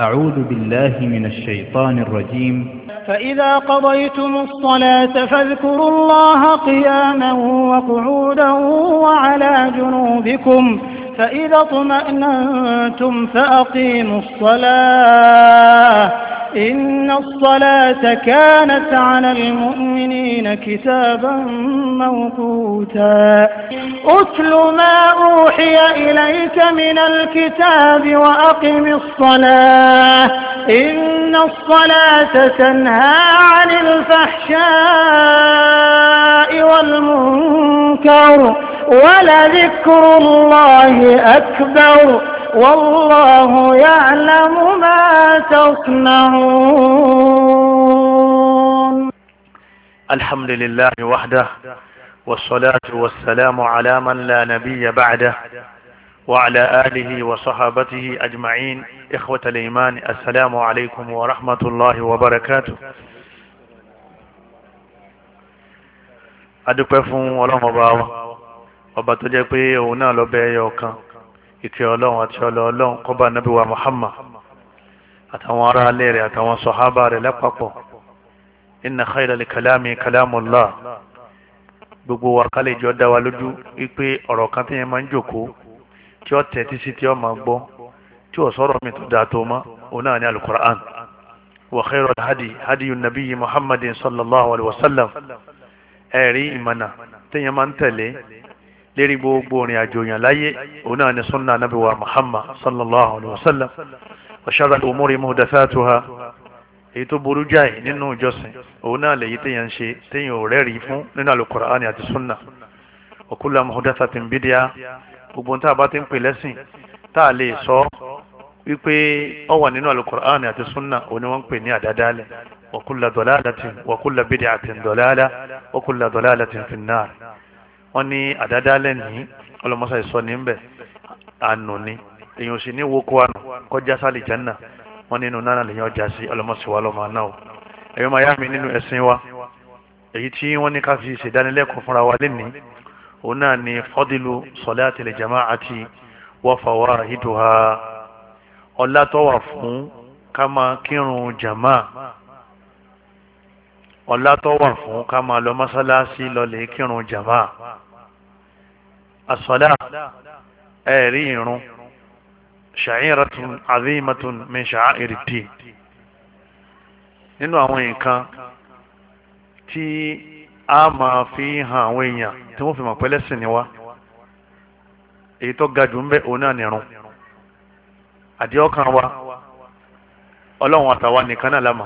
أعوذ بالله من الشيطان الرجيم فإذا قضيتم الصلاة فاذكروا الله قياما وقعودا وعلى جنوبكم فإذا اطمأننتم فأقيموا الصلاة إن الصلاة كانت على المؤمنين كتابا موقوتا أتل ما أوحي إليك من الكتاب وأقم الصلاة إن الصلاة تنهى عن الفحشاء والمنكر ولذكر الله أكبر والله يعلم ما تصنعون الحمد لله وحده والصلاة والسلام على من لا نبي بعده وعلى آله وصحابته أجمعين إخوة الإيمان السلام عليكم ورحمة الله وبركاته adúpẹ́ fún ọlọ́run ọba wa ọba ìtì ọlọ́run àti ọlọ́ ọlọ́run kọ́ba nábì wa muhammad àtàwọn ará alẹ́ rẹ̀ àtàwọn sọ̀hábà rẹ̀ lápapọ̀ inna khayra li kalami kalamullah gbogbo wa kálí ìjọ dá wa lójú wípé ọ̀rọ̀ kan tí yẹn máa ń jòkó tí ó tẹ̀ títí tí ó máa gbọ́ tí ó sọ̀rọ̀ mi tó dáa tó mọ́ òun náà ní alukur'an wa khayra hadi hadiyu nabiyyi muhammadin sallallahu alayhi wa sallam ẹ̀rí ìmọ̀nà tí yẹn máa ń tẹ̀lé lérí gbogbo ìrìn àjò yàn láyé òun náà ni sunna nabi wa muhammad sallallahu alayhi wa sallam wa sharra al-umuri muhdathatuha èyí tó burú jáì nínú ìjọsìn òun náà lèyí téèyàn ń ṣe téèyàn ò rẹ́rìí fún nínú alukur'ani àti sunna wa kullu muhdathatin bídíà gbogbo tá a bá ti ń pè lẹ́sìn tá a lè sọ wípé ó wà nínú alukur'ani àti sunna òun ni wọ́n ń pè ní àdádálẹ̀ wa kullu dalalatin wa kullu wọ́n ní àdádálẹ̀ ní ọlọ́mọṣà ìsọ ní ń bẹ̀ àánú ni èyàn sì ní woko àánú kọjá sálì jẹ́nà wọ́n nínú náà lèyàn ọjà sí ọlọ́mọṣà wa lọ́mọ o ẹ̀yọ́ máa yá mi nínú ẹ̀sìn wa èyí tí wọ́n ní ká fi fúnra wa lénìí òun náà ni fọ́dílù salati li jama'ati wa fawaiduha ọlá tó wà fún ká máa kírun jàmáà ọlá tó wà fún ká máa lọ mọ́sálásí lọlẹ̀ kírun jàmá asọ́lá ẹ̀rí irun ṣàìrọ̀tún àzímatún min ṣàìrìtì nínú àwọn nǹkan tí a máa fi hàn àwọn èèyàn tí wọ́n fi mọ̀ pẹ́lẹ́sìn ni wá èyí tó ga jù ń bẹ òun náà nìrun àdìọ́kan wa ọlọ́run àtàwa nìkan náà lámà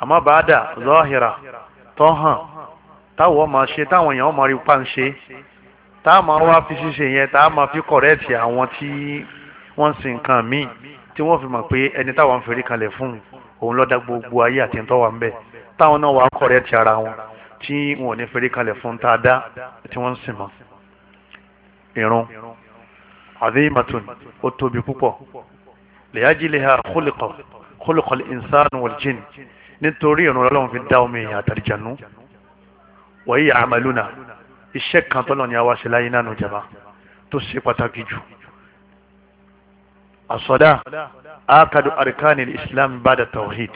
àmọ́ bàdà zọ́hìrà tó hàn táwọn ọmọ ṣe táwọn èèyàn ọmọ rí pa ń ṣe táwọn wá fi ṣíṣe yẹn táwọn máa fi kọ̀rẹ́ẹ̀tì àwọn tí wọ́n ń sin nǹkan míì tí wọ́n fi mọ̀ pé ẹni táwọn ń ferí kalẹ̀ fún òun lọ́dá gbogbo ayé àti ń tọ́wà ń bẹ̀ táwọn náà wà kọ̀rẹ́ẹ̀tì ara wọn tí wọn ò ní ferí kalẹ̀ fún tá a dá tí wọ́n ń mọ́. irun azimatun ó tóbi púpọ̀ lèyájílẹ̀ ha khuliqa khuliqa al-insan wal jinn nítorí ìrun ọlọ́run fi dá omi èèyàn àtàlìjànú wọ̀nyí àmàlùnà iṣẹ́ kan tọ́lọ̀ ni a wá sí láyé náà nùjàmá tó ṣe pàtàkì jù àsọdá akadu arkani islam bada tawhid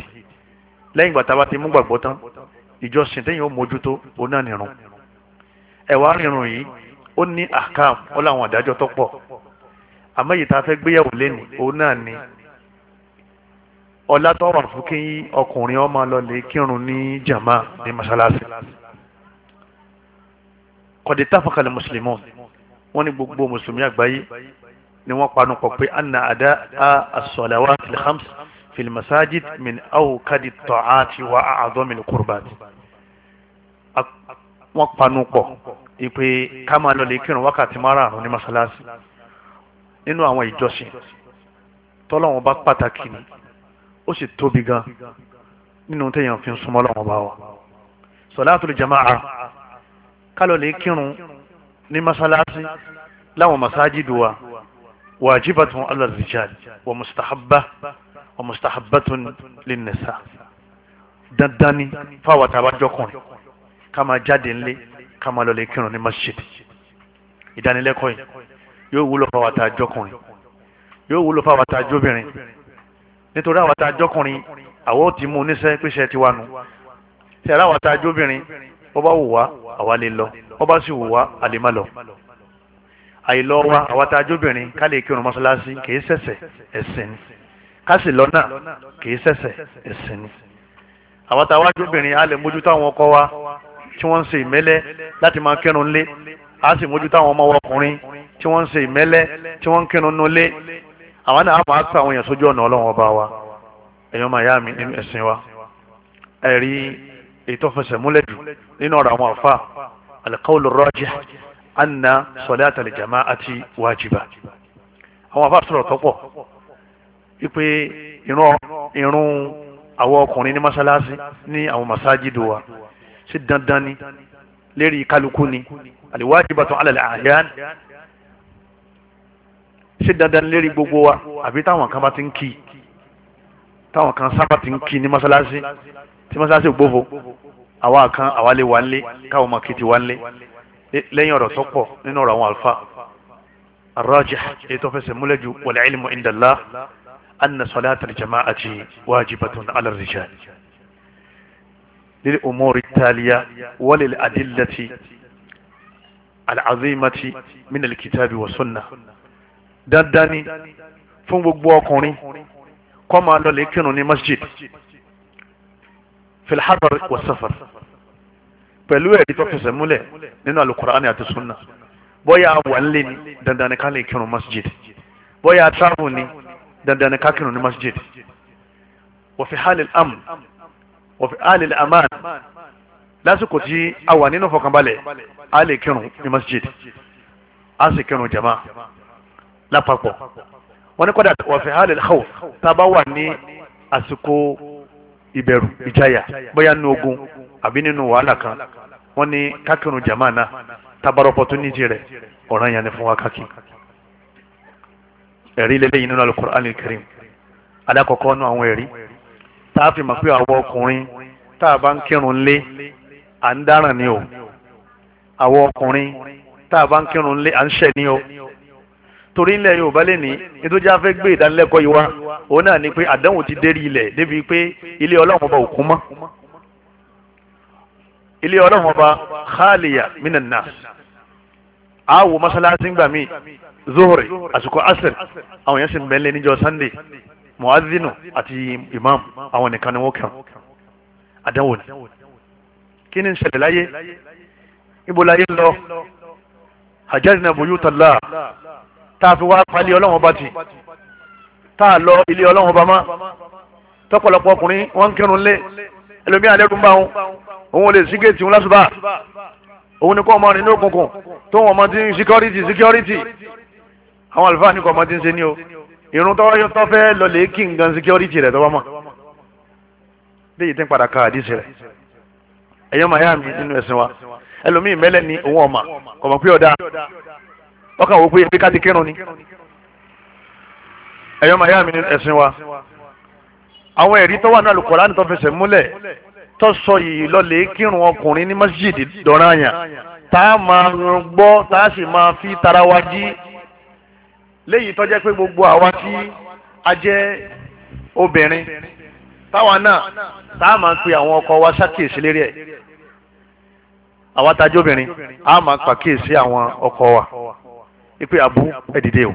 lẹ́yìn gbàtà bá ti mú gbàgbọ́ tán ìjọsìn tẹ́yìn ó mójútó òun náà nìrun ẹ̀wà rìnrìn yìí ó ní àkàm ó láwọn àdájọ́ tó pọ̀ àmọ́ èyí tá a fẹ́ gbéyàwó lẹ́nu òun náà ni ọlá tó wà fún kí ọkùnrin ọmọ lọlé kírun ní jama ní masalasi kọ̀dé táfàkàlẹ̀ mùsùlùmí wọ́n ní gbogbo mùsùlùmí àgbáyé ni wọ́n panu pọ̀ pé anna ada a asọ̀làwà filhams filmasajid min aw kadi tọ́àtì wa àádọ́ min kurbati wọ́n panu pọ̀ ìpè ká máa lọlé kírun wákàtí márààrún ní masalasi nínú àwọn ìjọsìn tọ́lọ́wọ́n bá pàtàkì ni ó sì tóbi gan nínú téèyàn fi ń súnmọ́ lọ́wọ́ bá wa sọláàtúlù jama'a kálọ̀ lè kírun ní masalasi láwọn masajidu wa wajibatun ala rijal wa mustahabba wa mustahabbatun linnisa dandan ni fáwọn tá a bá ká máa jáde ńlé ká máa lọ kírun ní masjid ìdánilẹ́kọ̀ọ́ yìí yóò wúlò fáwọn tá yóò wúlò fáwọn tá nítorí àwọn àtàjọkùnrin àwọn ò ti mú oníṣẹ́ pèsè tiwa nu tẹ̀rẹ́ àwọn àtàjọbìnrin wọ́n bá wù wá àwa lè lọ wọ́n bá sì wù wá àlè má lọ. àìlọ wa àwọn àtàjọbìnrin ká lè kírun mọ́ṣáláṣí kìí ṣẹ̀ṣẹ̀ ẹ̀sìn ni ká sì lọ náà kìí ṣẹ̀ṣẹ̀ ẹ̀sìn ni. àwọn àtàwájọbìnrin á lè mójútó àwọn ọkọ wa tí wọ́n ń ṣe ìmẹ́lẹ́ láti máa kírun lé á sì mójútó àwọn ọmọ ọkùnrin tí wọ́n ń ṣe ìmẹ́lẹ́ tí wọ́n ń kírun nulẹ̀ àwọn náà máa sọ àwọn èèyàn sójú ọ̀nà ọlọ́run ọba wa èèyàn máa yá mi nínú ẹ̀sìn wa ẹ̀rí èyí tó fẹsẹ̀ múlẹ̀ jù nínú ọ̀rọ̀ àwọn àfa al-qawlu rajih anna salata al-jama'ati wajiba àwọn àfa sọ̀rọ̀ tọ́pọ̀ wípé irun àwọn ọkùnrin ní mọ́sálásí ní àwọn masajidu wa sí dandan ni lérí kálukú ni al-wajibatu ala al ṣé dandan lérí gbogbo wa àbí táwọn kan bá ti ń kí táwọn kan sábà ti ń kí ní mọ́sálásí tí mọ́sálásí gbófo àwa kan àwa lè wá nílé káwọn máa kí ti wá nílé lẹ́yìn ọ̀rọ̀ tó pọ̀ nínú ọ̀rọ̀ àwọn àlùfáà الراجح يتوفس ملج والعلم عند الله أن صلاة الجماعة واجبة على الرجال للأمور التالية وللأدلة العظيمة من الكتاب والسنة dandan ni fún gbogbo ọkùnrin kó máa lọ lè kírun ní masjid filhadar wa safar pẹ̀lú ẹ̀rí tó fẹsẹ̀ múlẹ̀ nínú alukur'ani àti sunna bóyá wà nílé ni dandan ni ká lè kírun masjid bóyá travel ni dandan ni ká kírun ní masjid wa fi halil am wa halil aman lásìkò tí a wà nínú fọkànbalẹ̀ a lè kírun ní masjid a sì kírun jama lápapọ̀ wọ́n ní kọ́dà wọ̀fẹ̀ hàn lẹ́lẹ́ hàn tá a bá wà ní àsìkò ìbẹ̀rù ìjayà bóyá nínú ogun àbí nínú wàhálà kan wọ́n ní kákìrún jàmáà náà tábàrọ̀ opportunity rẹ̀ ọ̀ràn yẹn ni fún wa kákì ẹ̀rí lélẹ́yìn nínú al-Qur'an al-Karim alákọ̀ọ́kọ́ nínú àwọn ẹ̀rí tá a fi mọ̀ pé àwọn ọkùnrin tá a bá ń kírun lé à ń dáràn ni o àwọn ọkùnrin tá a bá ń kírun lé à ń ṣẹ̀ ni o torí ilẹ̀ yorùbá lè ní nítorí afẹ́ gbé ìdánilẹ́kọ̀ọ́ yìí wá òun náà ni pé àdánwò ti dérí ilẹ̀ débi pé ilé ọlọ́run ọba òkú mọ́ ilé ọlọ́run ọba khaliya minan nas àwò mọ́sálásí gbà mí zohori àsìkò asir àwọn yẹn sì ń bẹ́ńlẹ̀ níjọ́ sunday muazinu àti imam àwọn nìkan ni wọ́n kàn àdánwò ni kí ni ń láyé ibo láyé ń lọ hajarna buyutallah tá a fi wá palẹ̀ ọlọ́wọ́n bá ti tá a lọ ilé ọlọ́wọ́n bá má tọ́pọ̀lọpọ̀ ọkùnrin wọ́n ń kírun lé ẹlòmíà lẹ́rù ń bá wọn òun lè sígẹ̀tì wọn lásùbà òun ni kó ọmọ rìn ní òkùnkùn tó wọn ọmọ ti ń síkọ́rìtì síkọ́rìtì àwọn àlùfáà ní kò ọmọ ti ń ṣe ní o irun tọ́wọ́ tó fẹ́ lọ lè kí nǹkan síkọ́rìtì rẹ̀ tọ́wọ́ mọ̀ léyìí tí ń padà ka àdìsí rẹ̀ ẹ̀yọ́ màyà mi nínú ẹ̀sìn wa ẹlòmíì mẹ́lẹ̀ ni òun ọ̀mà kọ̀mọ̀ pé ọ̀dà ọkàn wò pé ebi ká ti kírun ni ẹ̀yọ́ máa yá mi ní ẹ̀sìn wa àwọn ẹ̀rí tó wà ní Al-Qur'an tó fẹsẹ̀ múlẹ̀ tó sọ yìí lọ́lẹ̀ kírun ọkùnrin ní masjid dọ̀ranyàn tá a máa gbọ́ tá a sì máa fi tara wa jí léyìí tó jẹ́ pé gbogbo àwa tí a jẹ́ obìnrin táwa náà tá a máa pe àwọn ọkọ wa ṣàkíyèsí lérí ẹ̀ àwa tá a jẹ́ obìnrin a máa pàkíyèsí àwọn ọkọ wa ipe àbú ẹ̀dìdẹ́ o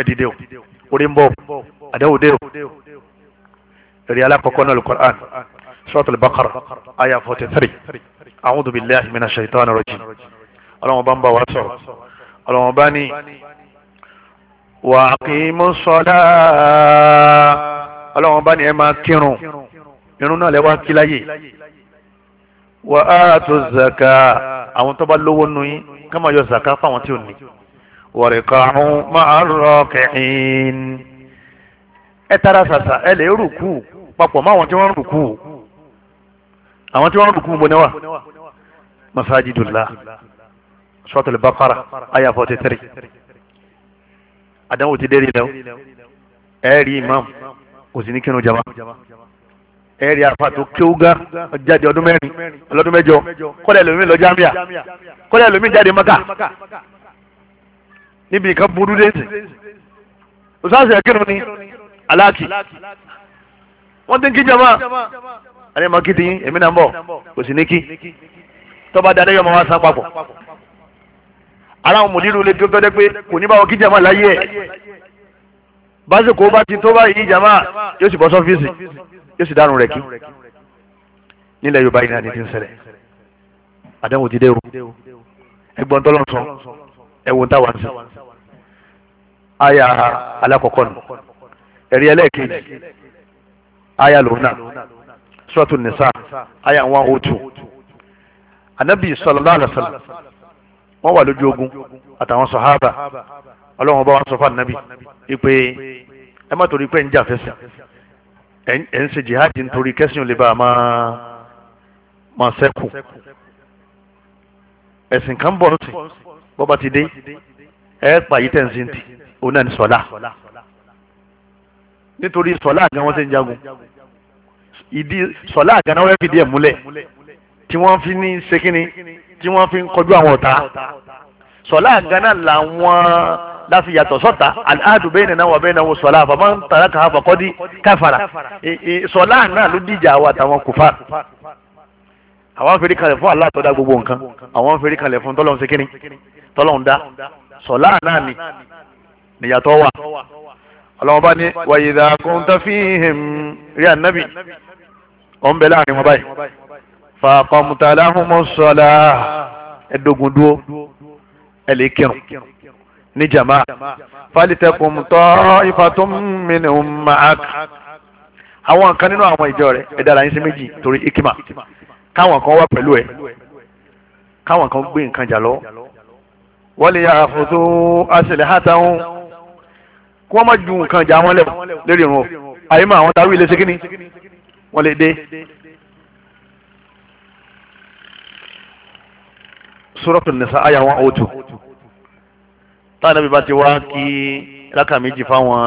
ẹ̀dìdẹ́ o orí ń bọ̀ àdáwò dé o ẹ̀rí alákọ̀ọ́kọ́ náà al-Qur'an suratul Baqara aya forty three a'udhu billahi minash shaitanir rajim ọlọ́wọ́n bá ń wa sọ̀rọ̀ ọlọ́wọ́n bá wa aqimus salah ọlọ́wọ́n bá ní ẹ máa kírun irun náà lẹ́wọ́ kíláyè wa atuz zaka àwọn tó bá lówó nù yín ká máa yọ zaka fáwọn tí wọ̀rẹ̀kàrún máa ń rọ kẹ̀hìn. ẹ tara ṣàṣà ẹ lè rùkú papọ̀ mọ́ àwọn tí wọ́n ń rùkú àwọn tí wọ́n ń rùkú mo níwà masajidullah suratul baqara aya forty three àdánwò ti dérí lẹ́wọ́ ẹ rí imam kò sí ní kírun jama ẹ rí afa tó kéwú gá jáde ọdún mẹ́rin ọlọ́dún mẹ́jọ kọ́lẹ̀ lómi lọ jámíà kọ́lẹ̀ lómi jáde mọ́kà níbi nǹkan burú lẹ́sìn òṣàṣì akínú ni aláàkì wọ́n ti ń kí jama àní ma kí ti yín èmi náà ń bọ̀ kò sì ní kí tọ́ba dáadé yọmọ wa san papọ̀ ara àwọn mòdìrú lè tó tọ́jú pé kò ní bá wọn kí jama láyé ẹ̀ básìkò bá ti tó báyìí jama yóò sì bọ́ sọ́fíìsì yóò sì dárun rẹ̀ kí nílẹ̀ Yorùbá yìí náà ní ti ń ṣẹlẹ̀ àdéhùn ti dé o ẹgbọ́n tọ́lọ́ sọ ẹ̀wọ̀n táwa ń sìn aya alákọ̀ọ́kọ́ nù ẹ̀rí ẹlẹ́ẹ̀kejì aya lòun náà nìsa aya one oh two anabi sallallahu alaihi wasallam wọ́n wà lójú ogun àtàwọn sọ̀hábà ọlọ́run bá wọn sọ fún anabi ipe ẹ má torí pé ń jà fẹsẹ̀ ẹ ń ṣe jihad nítorí kẹsàn-án lè bá a máa máa ṣẹ́kù ẹ̀sìn kan bọ̀ ń sìn bọ́ba ti dé ẹ pàyí tẹ̀sí ti òun náà ní sọ̀lá nítorí sọ̀lá àgàn wọn ṣe ń jagun ìdí sọ̀lá àgàn náà wọ́n fi díẹ̀ múlẹ̀ tí wọ́n fi ní sekínì tí wọ́n fi ń kọjú àwọn ọ̀tá sọ̀lá àgàn náà làwọn láti yàtọ̀ sọ́ta aláàdù bẹ́ẹ̀ni náà wà bẹ́ẹ̀ náà wò sọ̀lá àfàmọ́ ń tara kàá fàkọ́dí káfàrà sọ̀lá náà ló dìjà wa àtàwọn kùfà àwọn afẹ́rí kalẹ̀ fún aláàtọ̀dá gbogbo nǹkan àwọn afẹ́rí kalẹ̀ fún tọ́lọ́ tọ́lọ́hún dá sọ̀lá náà ni níyàtọ̀ wà ọlọ́mọba ní wàyídà kúńtà fíhìm rí ànábì ọ̀n bẹ láàrin wọn báyìí fàkọ̀mùtà aláhùnmọ́sọ̀lá ẹ̀dógún dúró ẹ̀ lè kírun ní jama falitẹkùn tọ ifatun minnu ma'ak àwọn kan nínú àwọn ìjọ rẹ ẹ dára yín sí méjì torí ikima káwọn kan wá pẹ̀lú ẹ káwọn kan gbé nǹkan jà lọ wọ́n lè yára fòtó aṣèlè hàtà wọn kí wọ́n má ju nǹkan jà wọn lẹ̀ lórí irun àyè mọ́ àwọn táwí ilé ṣe kíni wọ́n lè dé. Suratul Nisa àyà wọn ò oh tù táwọn ẹbí bá ti wá kí rákà méjì fáwọn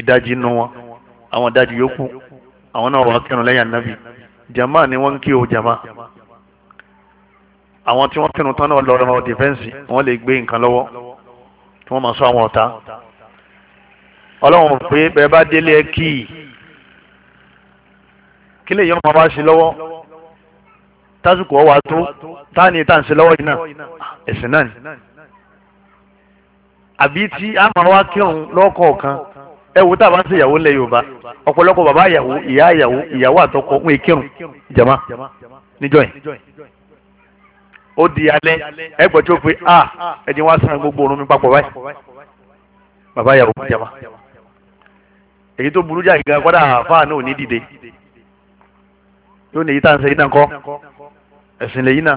ìdajì nù wọn àwọn ìdajì yòókù àwọn náà wà kírun lẹ́yìn ànábì jama ni wọ́n ń kí o jama. jama àwọn tí wọ́n pinnu tán náà lọ ọ̀rọ̀ dìfẹ́ǹsì wọ́n lè gbé nǹkan lọ́wọ́ tí wọ́n máa sọ àwọn ọ̀tá ọlọ́run pé bẹ́ẹ̀ bá délé ẹ kí i kí lè yọ̀ọ́ máa bá ṣe lọ́wọ́ tásìkò ọ̀wà tó táàní tá à ń ṣe lọ́wọ́ yìí náà ẹ̀sìn náà ni àbí tí a máa wá kírun lọ́kọ̀ọ̀kan ẹ wo tá a bá ń ṣe ìyàwó lẹ Yorùbá ọ̀pọ̀lọpọ̀ bàbá ìyàwó ìyá ìyàwó ìyàwó àtọkọ ń kírun jama níjọ́ yìí ó di alẹ́ ẹgbẹ́ tó pe a ah, ẹ̀jẹ̀ wá san gbogbo orun mi papọ̀ báyìí bàbá yàrá òkú jama èyí tó burú jáde gan kọ́dà àfáà náà ò ní dìde yóò ní èyí tá à ń sẹ́yìn náà kọ́ ẹ̀sìn lẹ́yìn náà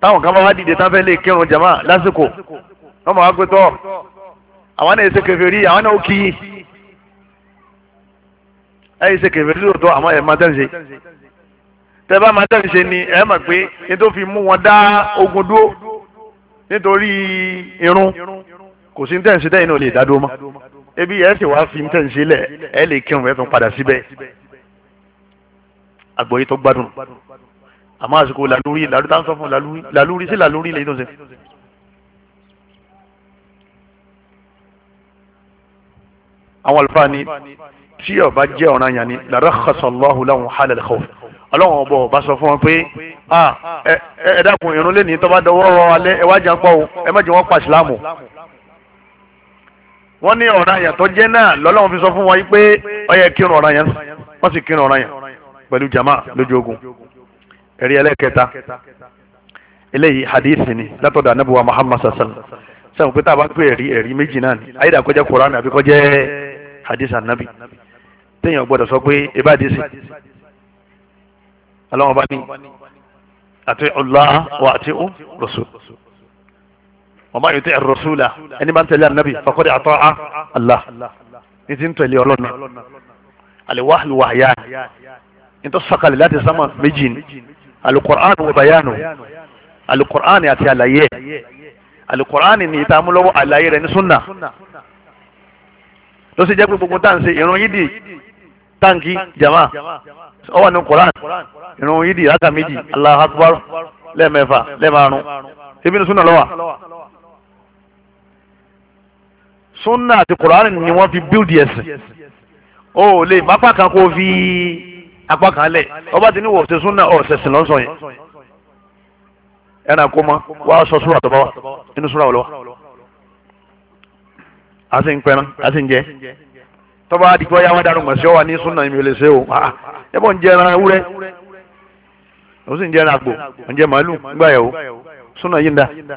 táwọn kan bá wá dìde tán fẹ́ lè kírun jama lásìkò wọ́n máa gbé tọ́ àwọn náà ṣe kèfèrí àwọn náà ó kì í ẹ̀ ṣe kèfèrí lóòótọ́ àmọ́ ẹ̀ máa tẹ̀ ṣe tẹ́bá máa tẹ̀sí ṣe ni ẹ mọ̀ pé ní tó fi mú wọn dá ogun dúró nítorí irun kò sí tẹ̀sí tẹ̀yìn náà lè dá dúró mọ́ ebi ẹ sì wá fi tẹ̀sí lẹ̀ ẹ lè kírun ẹ tún padà síbẹ̀ àgbọ̀yé tó gbádùn àmọ́ àsìkò làlúrí làlúrí tá ń sọ fún làlúrí làlúrí sí làlúrí lè dùn sí. àwọn àlùfáà ni tí ó bá jẹ́ ọ̀ranyàn ni làrá xasọ̀lọ́hùn láwọn hàlẹ́ lẹ́kọ̀ọ́ ọlọ́run ọ̀bọ̀ ọba sọ fún wọn pé ẹ dákun irun lẹ́ni tó bá dọwọ́ rọ alẹ́ ẹ wá jẹun pọ̀ o ẹ má jẹ wọ́n pa ìsìlámù. wọ́n ní ọ̀ràn àyàn tó jẹ́ náà lọ́lọ́run fi sọ fún wọn pé ó yẹ kírun ọ̀ràn yẹn wọ́n sì kírun ọ̀ràn yẹn pẹ̀lú jama lójú ogun. ẹ̀rí ẹlẹ́kẹta eléyìí hadith ni látọ̀dọ̀ anábùwà Muhammad sassan sẹ́wọ̀n pé tá a bá pè ẹ̀rí ẹ̀rí méjì náà ni ayédà kọjá Kùránì àbí kọjá hadith anábì téèyàn gbọ́dọ̀ sọ pé ibà dé sí aláwọn bá ní àti Allah wa àti ó rasul wa man yuti ar-rasula ẹni bá ń tẹ̀lé ànábì faqad ata'a Allah ní ti ń tẹ̀lé ọlọ́nà aliwahlu wahyan ní tó sọ̀kalẹ̀ láti sámà méjì ni alukur'an wa bayanu alukur'an àti àlàyé alukur'an ni ìtààmúlọ́wọ́ àlàyé rẹ̀ ní sunna ló sì jẹ́ pé gbogbo táǹsì ìrún yídì táǹkì jama ọwọ́ ní kur'an ìrun yídì rákà méjì Allahu Akbar lẹ́ẹ̀mẹ́fà lẹ́ẹ̀márùn ṣebí ní súnà lọ́wà súnà àti kùránì ni wọ́n fi bíldì ẹ̀sìn o lè má pàkan kó fi apá kan lẹ̀ ọba ti ní wọ̀ ṣe súnà ọ̀ ṣẹ̀sìn lọ́sọ̀ yẹn ẹnna kó mọ wàá sọ súnà tó bá wà nínú súnà lọ́wà a sì ń pẹ́ran a sì ń jẹ́ tọ́ba àdìgbò yà wọ́n darun mọ̀ sí ọ wà ní súnà ìmìlẹ̀ ṣe o ah, ẹ̀bọ̀n jẹ́ ẹran ewúrẹ́ ó sì ń jẹ́ àgbò ń jẹ́ màálù ńgbà yẹ̀wò súnà yìí ń da.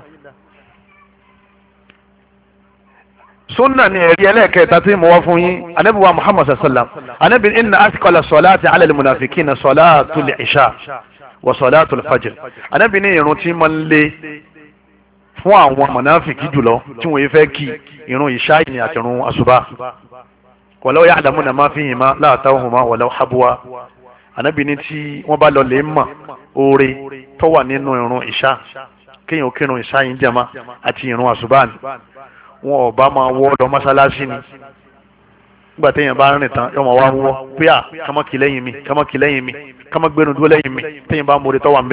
sunna ni ẹ̀rí ẹlẹ́ẹ̀kẹta tí mo wá fún yín anabi wa muhammad sallam anabi inna asikala sọláàtì alẹ́ munafiki na sọláàtù ìṣá wa sọláàtù fajr anabi ní irun tí máa ń lé fún àwọn munafiki jùlọ tí wọ́n yìí fẹ́ kí irun ìṣá yìí àti irun àṣùbà wàlọ́ yà àdàmú nà má fi yìí má láàtàwọn ànábì ní tí wọ́n bá lọ lè mọ̀ oore tó wà nínú irun ìṣá kéèyàn kírun ìṣá yìí jàmá àti irun àṣùbáàní wọn ò bá máa wọ́ lọ mọ́sálásí ni nígbà téèyàn bá rìn tán yọmọ wá wọ́ pé à kàmọ́ kì lẹ́yìn mi kàmọ́ kì lẹ́yìn mi kàmọ́ gbénu dúró lẹ́yìn mi téèyàn bá mọ̀ọ́dẹ tó wà ń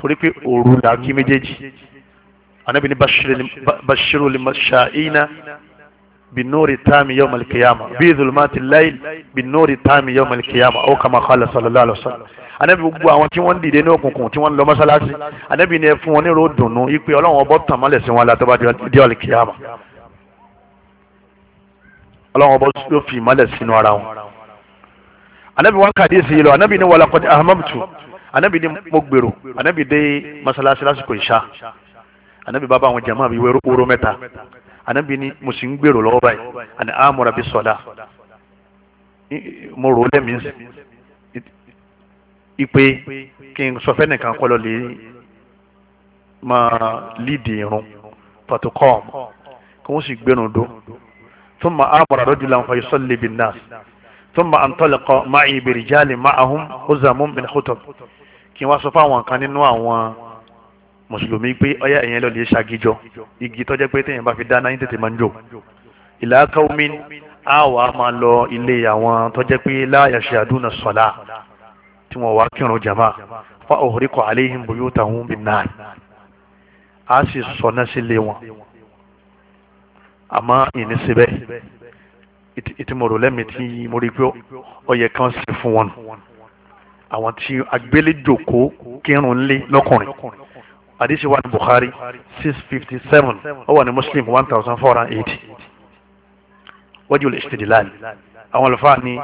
torí pé òru làákí méjèèjì ànábì ní bashiru بالنور التام يوم القيامة بظلمات الليل بالنور التام يوم القيامة أو كما قال صلى الله عليه وسلم anabi gbogbo àwọn tí wọ́n ń dìde ní òkùnkùn tí wọ́n ń lọ mọ́sálásí anabi ni ẹ fún wọn ní ròó dùnú ipe ọlọ́run ọbọ̀ tàn mọ́lẹ̀ sí wọn la tó bá di ọ̀lẹ́kìyàmà ọlọ́run ọbọ̀ yóò fi ìmọ́lẹ̀ sínú ara wọn. anabi wọn kàdé sí i lọ anabi ni walaqad ahmamtu anabi ni mo gbèrò anabi dé mọ́sálásí lásìkò ìṣá anabi bá bá àwọn jàmáà bíi wẹ́rú oró mẹ́ta anabi ni mo sì ń gbèrò lọ́wọ́ báyìí àni amúra ah, bí sọ̀dá mo rò lẹ́mí ipe kí n sọ fẹ́ẹ́ nìkan kọ́ lọ lè máa lídì irun pàtókọ́ọ̀m kí wọ́n sì gbẹ́nu dó fún ma amúra rọ́jùlá ń fọyín sọ́lẹ̀ bí náà fún ma àǹtọ́lẹ̀kọ́ máa ìbèrè jáàlì máa ahùn ó zàmú mi ní kótó kí wọ́n sọ fún àwọn kan nínú àwọn mùsùlùmí pé ọyá ẹ̀yẹn lọ́ọ́ lè ṣàgíjọ igi tọ́jẹ́ pé téèyàn bá fi dáná yín tètè máa ń jò ìlà káwọ́mí á wà á máa lọ ilé àwọn tọ́jẹ́ pé láàyà ṣe àdúnà sọ̀lá tí wọ́n wá kírun jàmá fa òhùríkọ̀ àléhìn bòyó tàwọn bí náà á sì sọ̀nà sílé wọn àmọ́ ìní síbẹ̀ ìtìmọ̀rọ̀ lẹ́mìí tí mo rí pé ọyẹ kan sì fún wọn àwọn tí agbélé jòkó kírun lé lọ́kùnrin hadisi wa ni Bukhari six fifty seven ó wà ní Muslim one thousand four hundred eighty wajul istidlal àwọn àlùfáà ni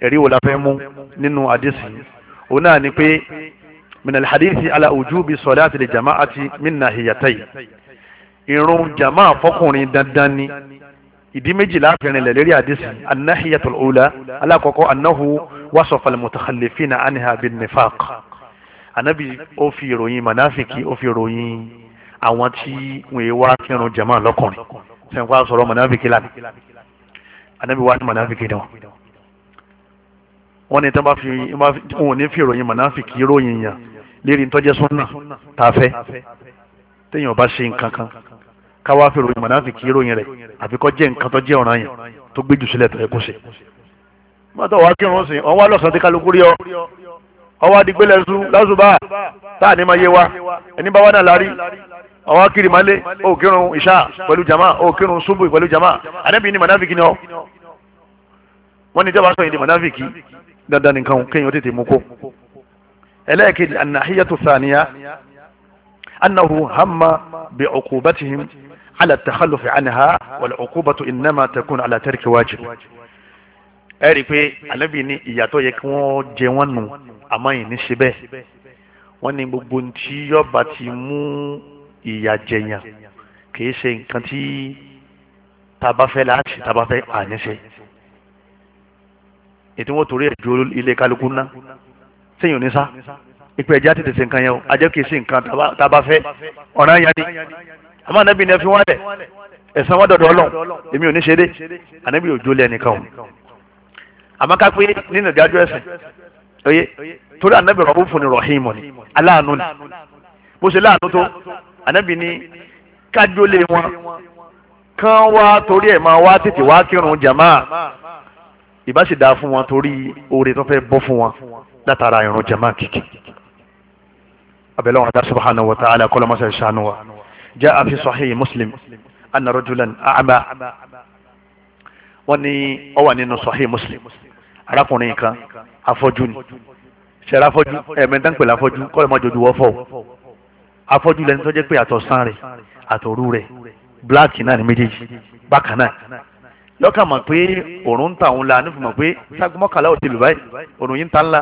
ẹ̀rí wo la fẹ́ mú nínú hadisi òun náà ni pé min alhadisi ala ujubi salati li jama'ati min nahiyatayi irun jama fọkùnrin dandan ni ìdí méjìlá fìrin lẹ̀ lérí hadisi annahiyatul ula alakoko annahu wasofa al anabi ó fi ìròyìn manafiki ó fi ìròyìn àwọn tí wọn yé wá kírun jama lọkùnrin sẹ́ńkọ́ sọ̀rọ̀ manafiki lánàá anabi wá ní manafiki dán wọ́n ní tí wọ́n ní fi ìròyìn manafiki ròyìn yàn lérí ntọ́jẹ́ súnà tàfẹ́ téèyàn bá ṣe nǹkan kan káwá fi ìròyìn manafiki ròyìn rẹ̀ àfikọ́ jẹ́ nǹkan tó jẹ́ ọ̀ràn yẹn tó gbé jù sílẹ̀ tó yẹ kó ṣe. mọ́tò wá kírun sí ọ wá lọ́sàn-án tí kálukú rí ọ ọwọ́ adigun lẹ́sù lásùbà táà ní ma yé wa ẹni bá wà náà lárí ọwọ́ akirimale òkìrun ìṣá pẹ̀lú jama òkìrun subu pẹ̀lú jama anabi ni manafiki ni ọ wọ́n ní ìjọba sọ yìí di manafiki dandan nìkan kéèyàn tètè mú kó ẹlẹ́ẹ̀kejì anahiyatu saniya annahu hamma bi uqubatihim ala takhalufi anha wal uqubatu innama takun ala ẹ rí i pé ànábì ní ìyà tó yẹ kí wọ́n jẹ wọ́n nù àmọ́ yìí ní ṣe bẹ́ẹ̀ wọ́n ní gbogbo tí yọba ti mú ìyà jẹyàn kìí ṣe nǹkan tí taba fẹ́ láti taba fẹ́ àníṣe ètò wọn torí ẹjọ ilé kálukú ná sẹ́yìn oníṣá ìpè ẹjẹ àti tẹsẹ nǹkan yẹn o ajẹ kìí ṣe nǹkan taba fẹ́ ọ̀ràn yẹn àmọ́ ànábì ní ẹ fi wọ́n lẹ̀ ẹ̀sán wọn dọ̀dọ̀ ọlọ́run èmi ò ní ṣe dé ànábì ò jólẹ̀ o àmọ́ ká pé nínú ìdájọ́ ẹ̀sìn oyè torí ànábì rọ̀ fún rahimu ni aláàánú ni bó ṣe láàánú tó ànábì ni kájólé wọn kán wá torí ẹ̀ máa wá tètè wá kírun jàmáà ìbá sì dáa fún wọn torí oore tó fẹ́ bọ́ fún wọn látara ìrun jàmáà kìkì abẹ́lẹ́ wọn dá subhanahu wa ta'ala kọ́lọ́mọ́sẹ̀ ṣàánú wa jaa fi muslim anna rajulan a'ma wọn ni wà nínú sahih muslim arákùnrin kan afọ́jú ni ṣẹlẹ afọ́jú ẹmẹdáńpẹ láfọ́jú kọlẹ má jojú wọfọ o afọ́jú lẹni tó jẹ́ pé àtọ̀sán rẹ̀ àtòru rẹ̀ bíláàkì náà ní méjèèjì bákan náà lọ́kàn mọ̀ pé òrùn ń ta òun la nífun mọ̀ pé sagbọ́kàlà ò ti lù báyìí òrùn yìí ń ta ńlá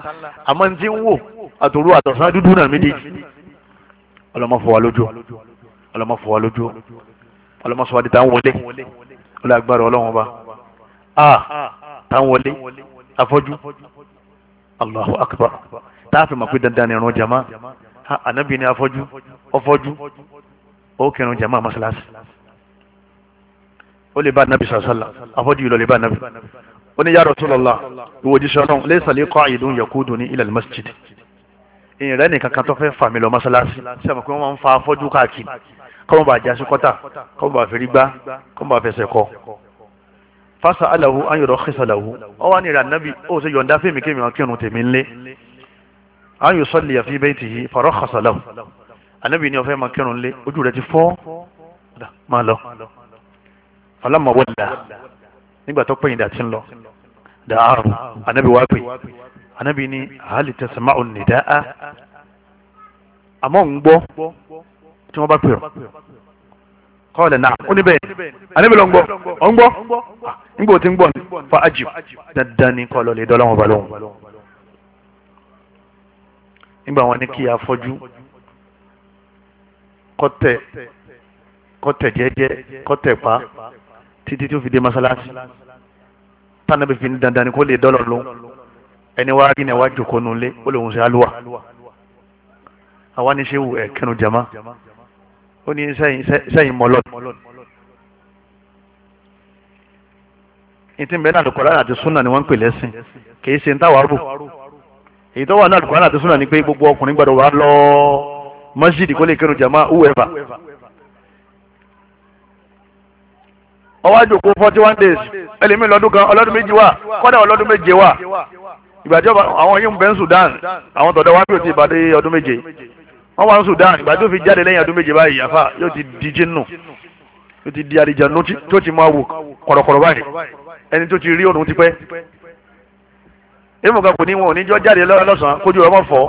àmọ́ ní ti ń wò àtòru àtọ̀sán dúdú náà méjèèjì ọlọ́mọfọwà lójú ọlọ́mọfọwà lójú ọlọ́mọsọwádìí táwọn wọlé ọlọ́ ọlọ́wọ́n bá a ah, táwọn wọlé afọ́jú allahu akbar tá a fi mọ̀ pé dandan ni irun jama ha anabi ni afọ́jú ọfọ́jú ó kírun jama masalasi ó lè bá anabi sàlá afọ́jú yìí lọ lè bá anabi ó ní ya Rasulullah ìwòjì sọ́nà laysa li qa'idun yaquduni ila al-masjid ìrẹ́ nìkan kan tó fẹ́ fà mí lọ masalasi sẹ́mi pé wọ́n máa ń fa afọ́jú káàkiri kọ́mọba àjàsí kọ́tà kọ́mọba àfẹ́rígbá kọ́mọba àfẹsẹ̀kọ́ fasa alahu an yọrọ xisa lahu ọwọ ni ra nabi o se yọ̀ǹda fún mi kémi wọn kírun tèmi nlé an yóò sọ lìyà fi bẹ́ẹ̀ tìyí fọ̀rọ̀ xasa lahu anabi ni ọfẹ ma kírun nlé ojú rẹ ti fọ́ máa lọ falama wọlá nígbà tó pẹ́yìn dàtí ń lọ dàárù anabi wá pè anabi ni hali tẹsánmá òní dáa àmọ́ ń gbọ́ tí wọ́n bá pè kọ́ọ̀lẹ̀ náà ó níbẹ̀ àníbi lọ ń gbọ́ ọ ń gbọ́ ah, nígbà ó ti ń gbọ́ fa ajib dandan ní kọ́ lọ́lẹ̀ dọ́là wọn bá lóhùn. nígbà wọn ní kí afọ́jú kọ́tẹ̀ kọ́tẹ̀ jẹ́jẹ́ kọ́tẹ̀ pa títí tí ó fi dé masalasi tánàbí fi ní dandan ní kó lè dọ́là lóhùn ẹni wá rí ni wá jòkó nulẹ̀ ó jama ó ní sẹ́yìn sẹ́yìn mọ́lọ́dún. ìtì ń bẹ náà Al-Qur'an àti súnà ni wọ́n ń pè lẹ́sìn kì í ṣe ń táwa rò èyí tó wà náà Al-Qur'an àti súnà ni pé gbogbo ọkùnrin gbọdọ̀ wá lọ mọ́sídìí kó lè kírun jàmá whoever. ọwọ́ àjòkó forty one days ẹlẹ́mi lọ́dún kan ọlọ́dún méjì wà kọ́dà ọlọ́dún méje wà ìgbàjọba àwọn yìí ń bẹ Sudan àwọn tọ̀dọ̀ wá bí o ti ìbàdí ọdún méje wọ́n wá ń Sudan ìgbà tó fi jáde lẹ́yìn ọdún méje báyìí àfa yóò ti di jinnu yóò ti di àdìjànú tó ti máa wò kọ̀rọ̀kọ̀rọ̀ báyìí ẹni tó ti rí òun ti pẹ́ ìmùkà kò ní wọn ò ní jọ jáde lọ́sàn-án kójú ọmọ fọ́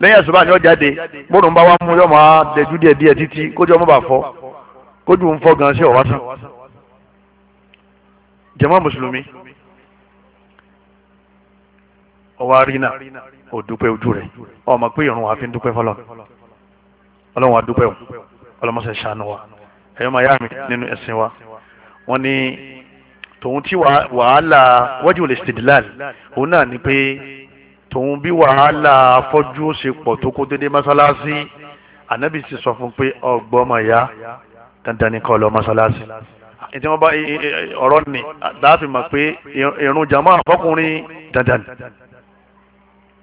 lẹ́yìn àṣùbà ni ó jáde bóun bá wá mú yọ máa dẹ̀jú díẹ̀ díẹ̀ títí kójú ọmọ bá fọ́ kójú ń fọ́ gan sí ọ̀wá tán jàmá mùsùlùmí ọ̀wá rí náà. O dúpẹ́ ojú rẹ̀ ọmọ pé ìrun wa fi ń dúpẹ́ fọlọ́ ọlọ́run wa dúpẹ́ o ọlọ́mọṣẹ́ ṣàánú wa ẹ̀yọ́ máa yá mi nínú ẹ̀sìn wa wọ́n ní tòun tí wàhálà wájú lè stidlal òun náà ni pé tòun bí wàhálà afọ́jú ó ṣe pọ̀ tó kó dédé mọ́sálásí ànábì sì sọ fún pé ọgbọ́n máa yá dandan ni kó lọ mọ́sálásí ìtí wọ́n bá ọ̀rọ̀ ni láàfin mọ̀ pé ìrun jàmọ́ àfọkùnrin dandan ni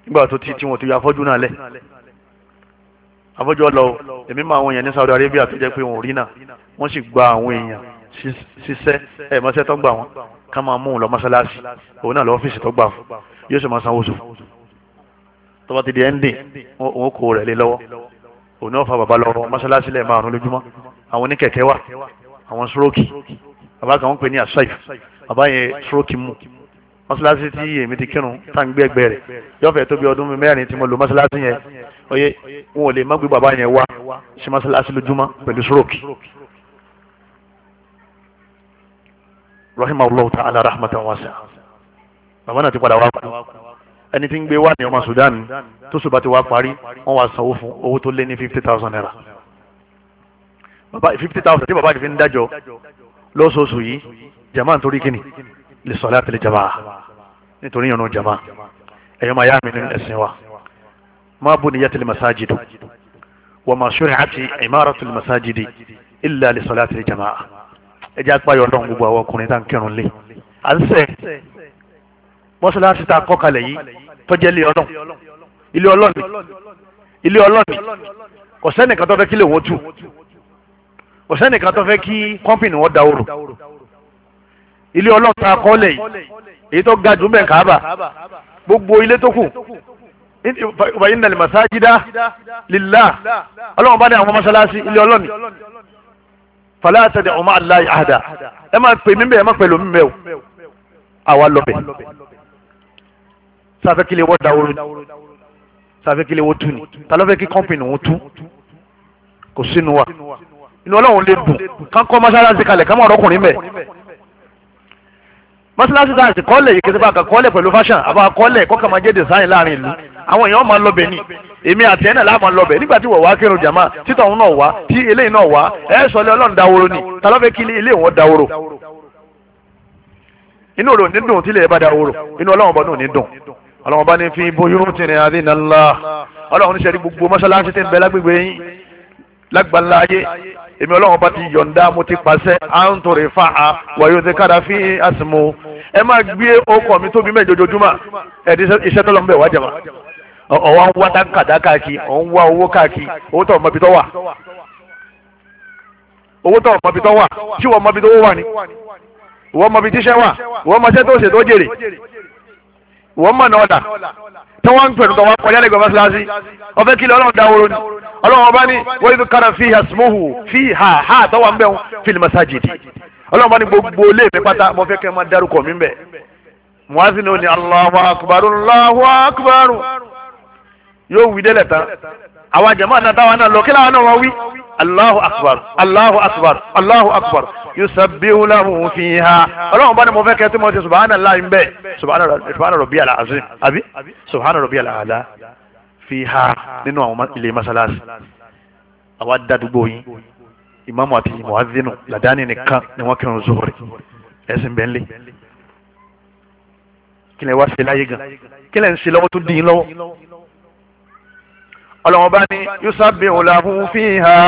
nígbà tó ti tí wọn ti yọ afọ́jú náà lẹ̀ afọ́jú ọlọ èmi máa àwọn èèyàn ní Saudi Arabia tó jẹ́ pé wọn ò rí náà wọ́n sì gba àwọn èèyàn ṣiṣẹ́ ẹ̀ mọ́ṣẹ́ tó gbà wọn ká máa mú un lọ mọ́ṣáláṣí òun náà lọ ọ́fíìsì tó gbà fún yóò sì máa sanwó sùn tó bá ti di ending òun kò rẹ̀ lé lọ́wọ́ òun náà fa bàbá lọ́wọ́ mọ́ṣáláṣí lẹ́ẹ̀ márùn lójúmọ́ àwọn oníkẹ̀kẹ́ wà àwọn stroke bàbá kan wọ́n pè ní asaif bàbá yẹn stroke mú mọ́ṣáláṣí tí èmi ti kírun tá n gbẹ́gbẹ́ rẹ̀ yọ̀fẹ̀ tó bí ọdún mẹ́rin tí mo lò mọ́ṣáláṣí yẹn oyè n ò lè má gbé bàbá yẹn wá sí mọ́ṣáláṣí lójúmọ́ pẹ̀lú stroke. rahimahullahu ta'ala rahmatan wasa bàbá náà ti padà wá kú ẹni tí ń gbé wá ní ọmọ Sudan tó sùn bá ti wá parí wọn wá sanwó fún owó tó lé ní fifty thousand naira fifty thousand tí bàbá yìí fi ń dájọ lọ́sọ̀ọ̀sù yìí jàmáà nítorí kíni lè sọ láti lè jama nítorí yànnú jama ẹ̀yọ́ máa yá mi nínú ẹ̀sìn wa ma buniyat al-masajid wa ma shuri'at imarat al-masajid illa li salati al-jama'a ẹ jẹ́ apáyọ̀ ọlọ́run gbogbo àwọn ọkùnrin tá à ń kírun lé à ń sẹ́ mọ́ṣáláṣí tá a kọ́ yìí tọ́jẹ́ ilé ọlọ́run ilé ọlọ́run ilé ọlọ́run kò sẹ́nìkan tó fẹ́ kí lè wọ́n tù kò sẹ́nìkan tó fẹ́ kí kọ́mpìnì wọn dahoro ilé ọlọ́ta akọ́lẹ̀ yìí èyí tó ga jù mẹ́ǹkà bà gbogbo ilé tó kù ìbàyí nàlẹ́ masajida lillah ọlọ́run bá ní àwọn mọ́ṣáláṣí ilé ọlọ́ni fala tad'u ma'a Allahi ahada ẹ máa pè mí bẹ́ẹ̀ ẹ máa pẹ̀lú mi bẹ́ẹ̀ o àwa lọ bẹ́ẹ̀ sáfẹ́ kí lè wọ́ daworo sáfẹ́ kí lè wọ́ tu ni ta ló fẹ́ kí kọ́mpìnì òun tú kò sínú wa inú ọlọ́run lè dùn kánkọ́ mọ́ṣáláṣí kalẹ̀ ká mọ̀ ọ̀rọ̀kùnrin bẹ́ẹ̀. mọ́sálásí tá a sì kọ́lẹ̀ yìí kìsìbá kan kọ́lẹ̀ pẹ̀lú fashion àbá kọ́lẹ̀ kọ́kàn máa jẹ́ design láàrin ìlú àwọn èèyàn máa ń lọbẹ̀ ni èmi àti ẹ̀nà láàmú lọbẹ̀ nígbà tí wọ́n wá kírun jàmá títọ̀ òun náà wá tí eléyìí náà wá ẹ̀ sọ daworo ni ta ló fẹ́ kí ilé daworo inú òrò ní dùn bá inú ọlọ́run ní dùn ọlọ́run èmi ọlọ́run bá ti yọ̀ǹda mo ti pàṣẹ à ń torí fa a wàyó ti kára fi àsìmọ́ ẹ máa gbé ọkọ̀ mi tóbi mẹ́jọ jojúmọ́ ẹ̀dí iṣẹ́ tó lọ ń bẹ̀ wá jẹ̀mọ́ ọ̀wá ń wá tákàdá káàkiri ọ̀ ń wá owó káàkiri owó tó ọmọbi tó wà owó tó ọmọbi tó wà tí wọ́n ọmọbi tó wà ni wọ́n ọmọbi tíṣẹ́ wà wọ́n ọmọṣẹ́ wọ́n mọ̀ náà dà tí wọ́n ń pẹ̀lú kan wọ́n kọjá lẹ́gbẹ̀ẹ́ mọ́sálásí ọ̀fẹ́ kí lọ́lọ́run dáwọ́rọ́ ni ọlọ́run ọba ní wọ́n yóò kára fi hasmuhu fi ha ha tọ́wọ́ ń bẹ̀ wọn fil masajidi ọlọ́run ọba ní gbogbo ilé mi pátá mo fẹ́ kẹ́ máa dárúkọ mi bẹ̀ muazin ní Allahu akbar Allahu akbar yóò wí délẹ̀ tán àwa jàmáà náà táwa náà lọ kí Allahu akbar Allahu akbar Allahu akbar yusabbihu lahu fiha ọlọ́run bá ní mo fẹ́ kẹ́ tí mo ti subahana láì ń bẹ̀ subahana rọ̀bí al-azim àbí subahana rọ̀bí al-ala fiha nínú àwọn ilé masalasi àwa dadugbo yín ìmáàmù àti muadhinu làdáni nìkan ni wọ́n kírun zuhuri ẹ̀sìn bẹ́ńlẹ̀ kílẹ̀ wá sí láyé gan kílẹ̀ ń sí lọ́wọ́ tó dín in lọ́wọ́ ọlọ́run bá ní yusabbihu lahu fiha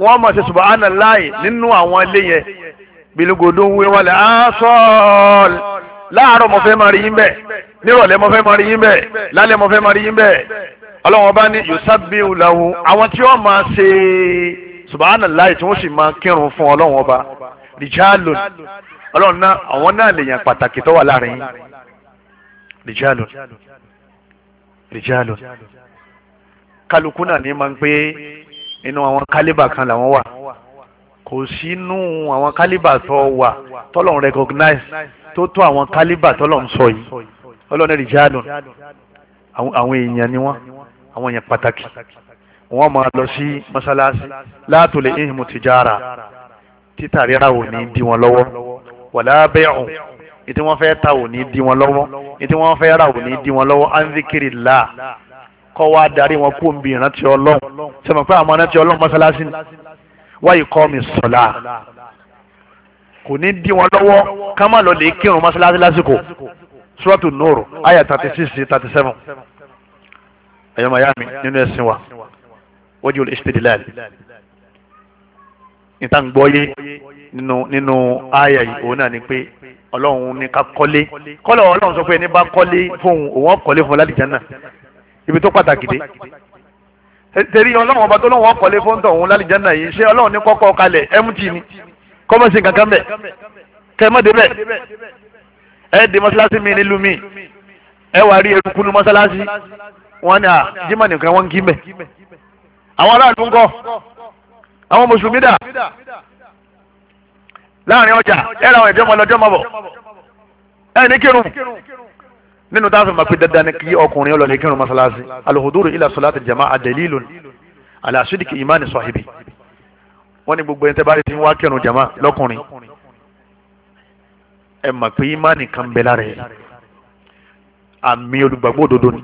wọ́n máa ṣe subhanallah nínú àwọn ilé yẹn biligodun wí wọlé asọ́ọ̀l láàárọ̀ mo fẹ́ máa rí yín bẹ́ẹ̀ nírọ̀lẹ́ mo fẹ́ máa rí yín bẹ́ẹ̀ lálẹ́ mo fẹ́ máa rí yín bẹ́ẹ̀ ọlọ́wọ́n bá ní yusabihu lahu àwọn tí wọ́n máa ṣe subhanallah tí wọ́n sì máa kírun fún ọlọ́wọ́n ọba rijalun ọlọ́run náà àwọn náà lèèyàn pàtàkì tó wà láàrin yín rijalun rijalun kálukú náà ní máa ń pé inú àwọn kálíbà kan làwọn wà kò sínú àwọn kálíbà tó wà tọ́lọ́run recognize tó tó àwọn kálíbà tọ́lọ́run sọ yìí ọlọ́run rìjálùn àwọn èèyàn ni wọ́n àwọn èèyàn pàtàkì wọ́n máa lọ sí mọ́sálásí láàtò lè ihimu tìjára títà rírà ò ní dí wọn lọ́wọ́ wàlá bẹ́ẹ̀hùn ètí wọ́n fẹ́ ta ò ní dí wọn lọ́wọ́ ètí wọ́n fẹ́ rà ò ní dí wọn lọ́wọ́ anzikiri láà kọ́ wá darí wọn kó nbí ìrántí ọlọ́run sẹ́mi pé àwọn ìrántí ọlọ́run mọ́sálásí ni wáyé kọ́ mi sọ̀la kò ní dí wọn lọ́wọ́ ká má lọ lè kírun mọ́sálásí lásìkò suratu nuru aya thirty six sí thirty seven ẹ̀yọ́ màyá mi nínú ẹ̀sìn wa wọ́jú al-istidlal níta ń gbọ́yé nínú nínú aya yìí òun náà ni pé ọlọ́run ní ká kọ́lé kọ́lọ̀ ọlọ́run sọ pé ẹni bá kọ́lé fóun òun ọ̀kọ́lé fún lálìjáná ibi tó pàtàkì dé tẹ̀rí ọlọ́run ọba tó lọ́wọ́ ọkọ̀lé fóńtọ̀ òun lálìjáná yìí ṣé ọlọ́run ní kọ́kọ́ kalẹ̀ mt ni kọ́mọ̀sí kankan bẹ̀ kẹ́mọ́dé bẹ̀ ẹ dé mọ́sálásí mi nílùú mi ẹ wà rí eruku ní mọ́sálásí wọn ni à jimá nìkan wọn kí bẹ̀ àwọn aráàlú ń kọ́ àwọn mùsùlùmí dà láàrin ọjà ẹ ra àwọn ìjọba ọlọ́jọ́ mọ́ bọ̀ ẹ ní kírun nínú táwọn fìmà pé dandan ni kí ọkùnrin ọlọ́lẹ̀ kírun masalasi alhuduru ila salati jama'a dalilun ala sidiki imani sahibi wọ́n ní gbogbo ẹni tẹ́ bá rí ti ń wá kírun jama lọ́kùnrin ẹ mà pé imani kan bẹ lára ẹ àmì olùgbàgbọ́ òdodo ni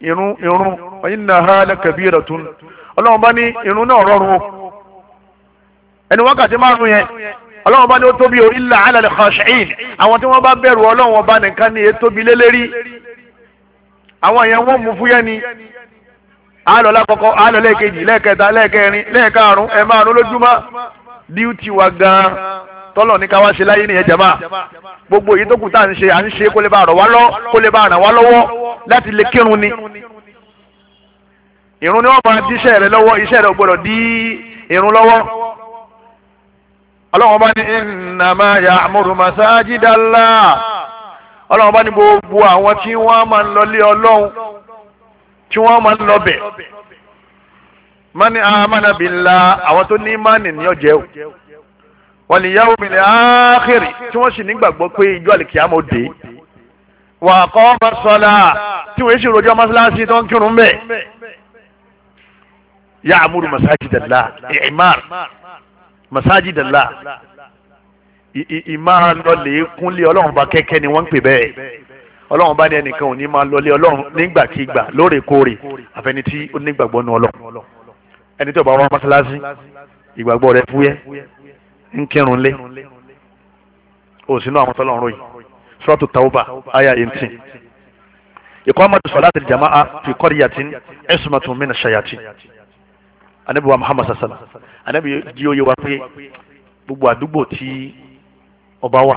irun irun innaha lakabiratun ọlọ́run bá ní irun náà rọrùn o ẹni wákàtí márùn yẹn ọlọ́run bá ní ó tóbi orí ńlá alàlẹ́ khashin àwọn tí wọ́n bá bẹ̀rù ọlọ́run ọba nìkan ni ètóbi lélẹ́rí àwọn yẹn wọ́n mú fúyẹ́ ni àlọ́ lákọ̀ọ́kọ́ àlọ́ lẹ́ẹ̀kejì lẹ́ẹ̀kẹta lẹ́ẹ̀kẹrin lẹ́ẹ̀karùn ẹ̀ márùn lójúmọ́ díútì wa gan-an tọ́lọ̀ ní ká wá ṣe láyé nìyẹn jẹ̀má gbogbo èyí tó kù tá à ń ṣe à ń ṣe kó lè bá ràn wá lọ́wọ́ láti lè kírun ni ìrun ni wọ́n máa di iṣẹ́ rẹ lọ́wọ́ iṣẹ́ rẹ gbọ́dọ̀ di ìrun lọ́wọ́ ọlọ́run bá ní ìnàmá ya'muru masajidallah ọlọ́run bá ní gbogbo àwọn tí wọ́n máa ń lọlé ọlọ́run tí wọ́n máa ń lọbẹ̀ mani amana billah àwọn tó ní mani ní ọjẹ́ o wal yawmil akhir tí wọ́n sì nígbàgbọ́ pé ìjọ àlìkìyàmọ̀ dé wà á kọ́ bá sọ́lá tí wọ́n sì rojọ́ mọ́sálásí tó ń kírun bẹ́ẹ̀ ya'muru masajidallah i'mar masajidala ìmáa lọlé kúnlé ọlọ́run bá kẹ́kẹ́ ni wọ́n ń pè bẹ́ẹ̀ ọlọ́run bá ní ẹnìkan ò ní máa lọlé ọlọ́run nígbàkigbà lóòrèkóòrè àfẹni tí ó nígbàgbọ́ nu ọlọ́run ẹni tó bá wá mọ́sálásí ìgbàgbọ́ rẹ fúyẹ́ ń kírun lé òsínú àwọn tọ́lọ́run yìí suratu tauba aya eighteen ìkọ́ ọmọdé sọ̀lá àti jama'a fi kọ́ríyàtì ẹ̀sùn mọ́tò mí anabi wa muhammad sassala anabi di oye wa pé gbogbo àdúgbò tí ọba wà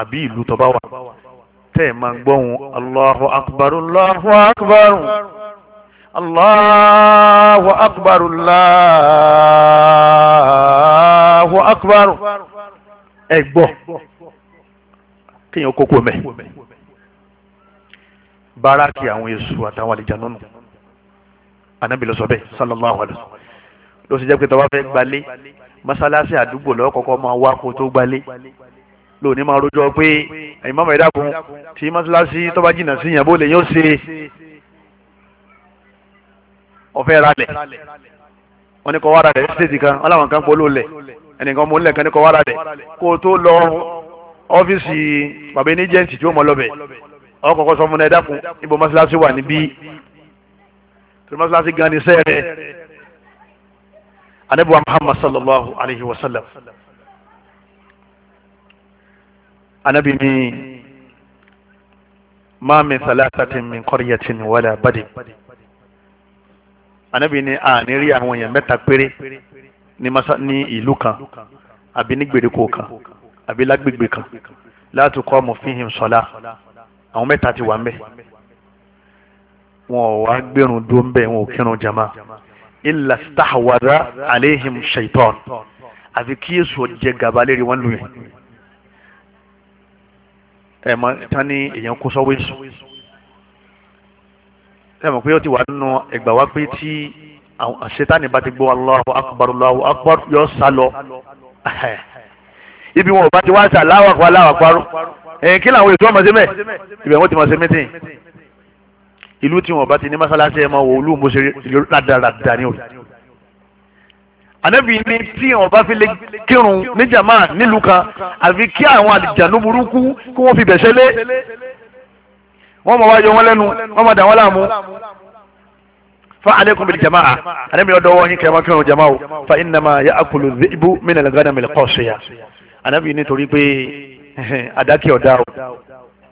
àbí ìlú tọba wà tẹ́ ẹ̀ máa gbọ́hùn allahu akbar allahu akbar allahu akbar allahu akbar ẹ gbọ́ kéèyàn kókó mẹ́ báràkì àwọn èṣù àtàwọn àlejò náà nù anabi lọ sọ bẹ́ẹ̀ sallallahu alaihi wa sallam ló sì jẹ́ pé tọ́wọ́ fẹ́ gbalé masalasi àdúgbò lọ́kọ̀ọ́kọ́ máa wá kó tó gbalé lónìí máa rojọ́ pé ìmọ̀mọ̀ ẹ̀dá kun tí masalasi tọ́ba jìnnà sí yàn bó lè yóò ṣe ọ̀fẹ́ ralẹ̀ wọ́n ní kọ́ wára rẹ̀ ṣèṣì kan wọ́n làwọn kan polówó lẹ̀ ẹnìkan mò ń lẹ̀ kan ní kọ́ wára rẹ̀ kó o tó lọ ọ́fíìsì bàbá ẹni jẹ́ǹtì tí ó mọ lọ́bẹ̀ ọkọ̀ sọ fún ẹ̀dá kun ibo masalasi wà níbí torí mọ́sálásí gan ni sẹ́ẹ̀rẹ̀ anabiwa muhammad sallallahu alayhi wa sallam anabi ni ma min thalathatin min qaryatin wala badi anabi ni a ah, ní rí àwọn èèyàn mẹ́ta péré ní ìlú kan àbí ní gbèríko kan àbí lágbègbè kan la tuqamu fihim salah àwọn mẹ́ta ti wà ń wọn ò wá gbẹrun dó ń bẹ wọn ò kírun jama illa stahwadha aleihim shaitan àfi kí èso jẹ gàba lérí wọn lóyún ẹ mọ tani èèyàn kó sọ wéṣọ ẹ mọ pé ó ti wà nínú ẹgbà wá pé tí ṣetani bá ti gbọ́ Allahu akbar Allahu akbar yọ sá lọ ibi wọn ò bá ti wá sí aláwàkọ aláwàkọ ẹ kí làwọn ètò ọmọ sí mẹ ibẹ̀ wọn ti mọ sí mítìn ìlú tí wọn bá ti ní masalasi ẹ máa wọ olú mose ládàradà ni o anabi ni tí wọn bá fi lè kírun ní jama nílùú kan àfi kí àwọn àlìjànú burúkú kí wọn fi bẹ̀ṣẹ̀ lé wọn máa wá yọ wọn lẹ́nu wọn máa dà wọn láàmú fa aleikum bil jama'a anabi ọdọ wọn yín kẹ máa kírun jama o fa inama ya dhi'bu min al-ghanam al-qasiya anabi nítorí pé adákẹ́ ọ̀dà o.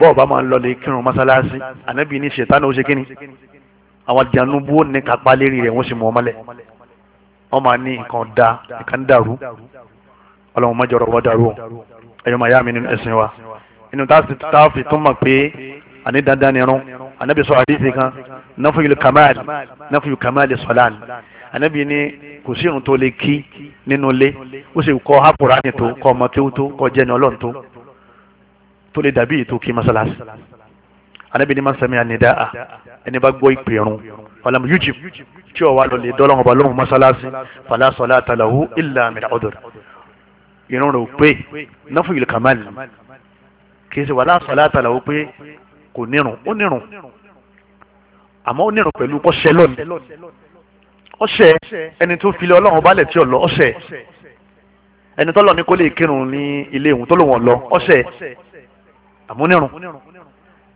bọ́ọ̀ bá máa ń lọlé kírun mọ́sálásí ànábì ní ṣètánù ó ṣe kíni àwọn jàǹdùkú ó ní kápá lérí rẹ̀ wọ́n sì mú ọmọlẹ̀ wọ́n máa ní nǹkan da nǹkan dàrú ọlọ́run má jọ̀rọ̀ wọ́n dàrú ẹ̀yọ́ máa yá mi nínú ẹ̀sìn wa inú táàfì tó mọ̀ pé àní dandan nìrún ànábì sọ àdìsí kan náfúyìlú kamal náfúyìlú kamal sọláàni ànábì ní kò sí irun tó lè kí nínú ilé ó sì kọ́ hápùrá nìtó kọ́ ọmọ kéwú tó kọ́ jẹ́ni ọlọ́run tó tó lè dàbí ètò kí masalasi anabi ni ma sami anida a ẹni bá gbọ́ ìpè ẹ̀rùn ọ̀làmù yujib tí ọ̀wá lọ lè dọ́lọ́wọ́n ọba lọ́hùn masalasi fala salata lahu illa min udhr irun rẹ̀ ò pé náfù ìlú kamali kì í ṣe wala salata lahu pé kò nírun ó nírun àmọ́ ó nírun pẹ̀lú ọṣẹ lónìí ọṣẹ ẹni tó filẹ̀ ọlọ́run balẹ̀ tí ò lọ ọṣẹ ẹni tó lọ ní kó lè kírun ní ilé ìhùn tó lòun ọ̀ lọ àmúnirun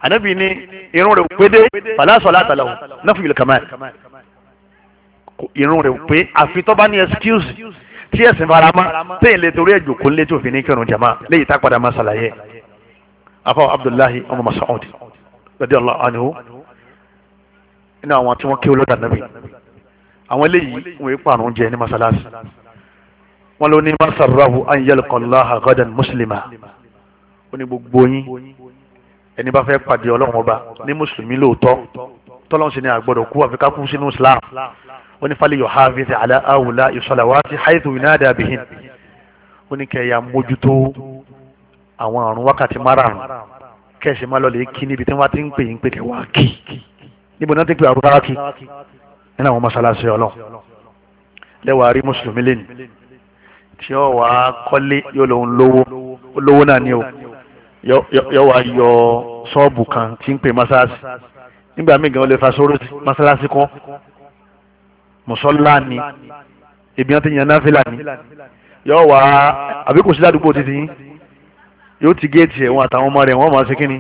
ànábì ní irun rẹ̀ pédé fàlásọ̀ látàlàwò náfìlì kàmáà irun rẹ̀ pé àfi tó bá ní excuse tí ẹ̀sìn fara mọ́ téèyàn lè torí ẹ̀jọ̀ kó lé tí òfin ní kírun jama léyìí tá padà máa ṣàlàyé afọ abdullahi ọmọ masoud radiyallahu anhu nínú àwọn tí wọ́n kí olódà nàbì àwọn eléyìí wọ́n yí pààrùn jẹ ní masalasi wọ́n ló ní masarahu an yalqa Allaha muslima ó ní gbogbo yín ẹni bá fẹ́ pàdé ọlọ́run ọba ní mùsùlùmí lóòótọ́ tọ́lọ́run sì ni àgbọ̀dọ̀ kú àfi ká kú sínú islam ó ní fálẹ̀ yọ̀há fi ṣe àlá àwùlá ìṣọ̀làwátì haythu yunada bihin ó ní kẹyà mójútó àwọn àrùn wákàtí márààrún kẹsì má lọlẹ̀ kí níbi tí wọ́n ti ń pè yín pé kẹ wá kí níbo náà ti pè àrùn rárá nínú àwọn mọ́ṣáláṣí ọlọ́run lẹ́wàá rí mùsùlùmí lẹ́nu tí ó wàá kọ́lé yóò lòun lówó lówó náà ni o yọ wá yọ ṣọ́ọ̀bù kan tí ń pè mọ́ṣáláṣí nígbà míì gan-an ó lè fa sóró mọ́ṣáláṣí kọ́ mùsọ́lá ni ibi wọn ti yan náfìlà ni yọ wá àbí kò sí ládùúgbò títí yín yóò ti géètì ẹ̀wọ̀n àtàwọn ọmọ rẹ̀ wọ́n máa ṣe kínni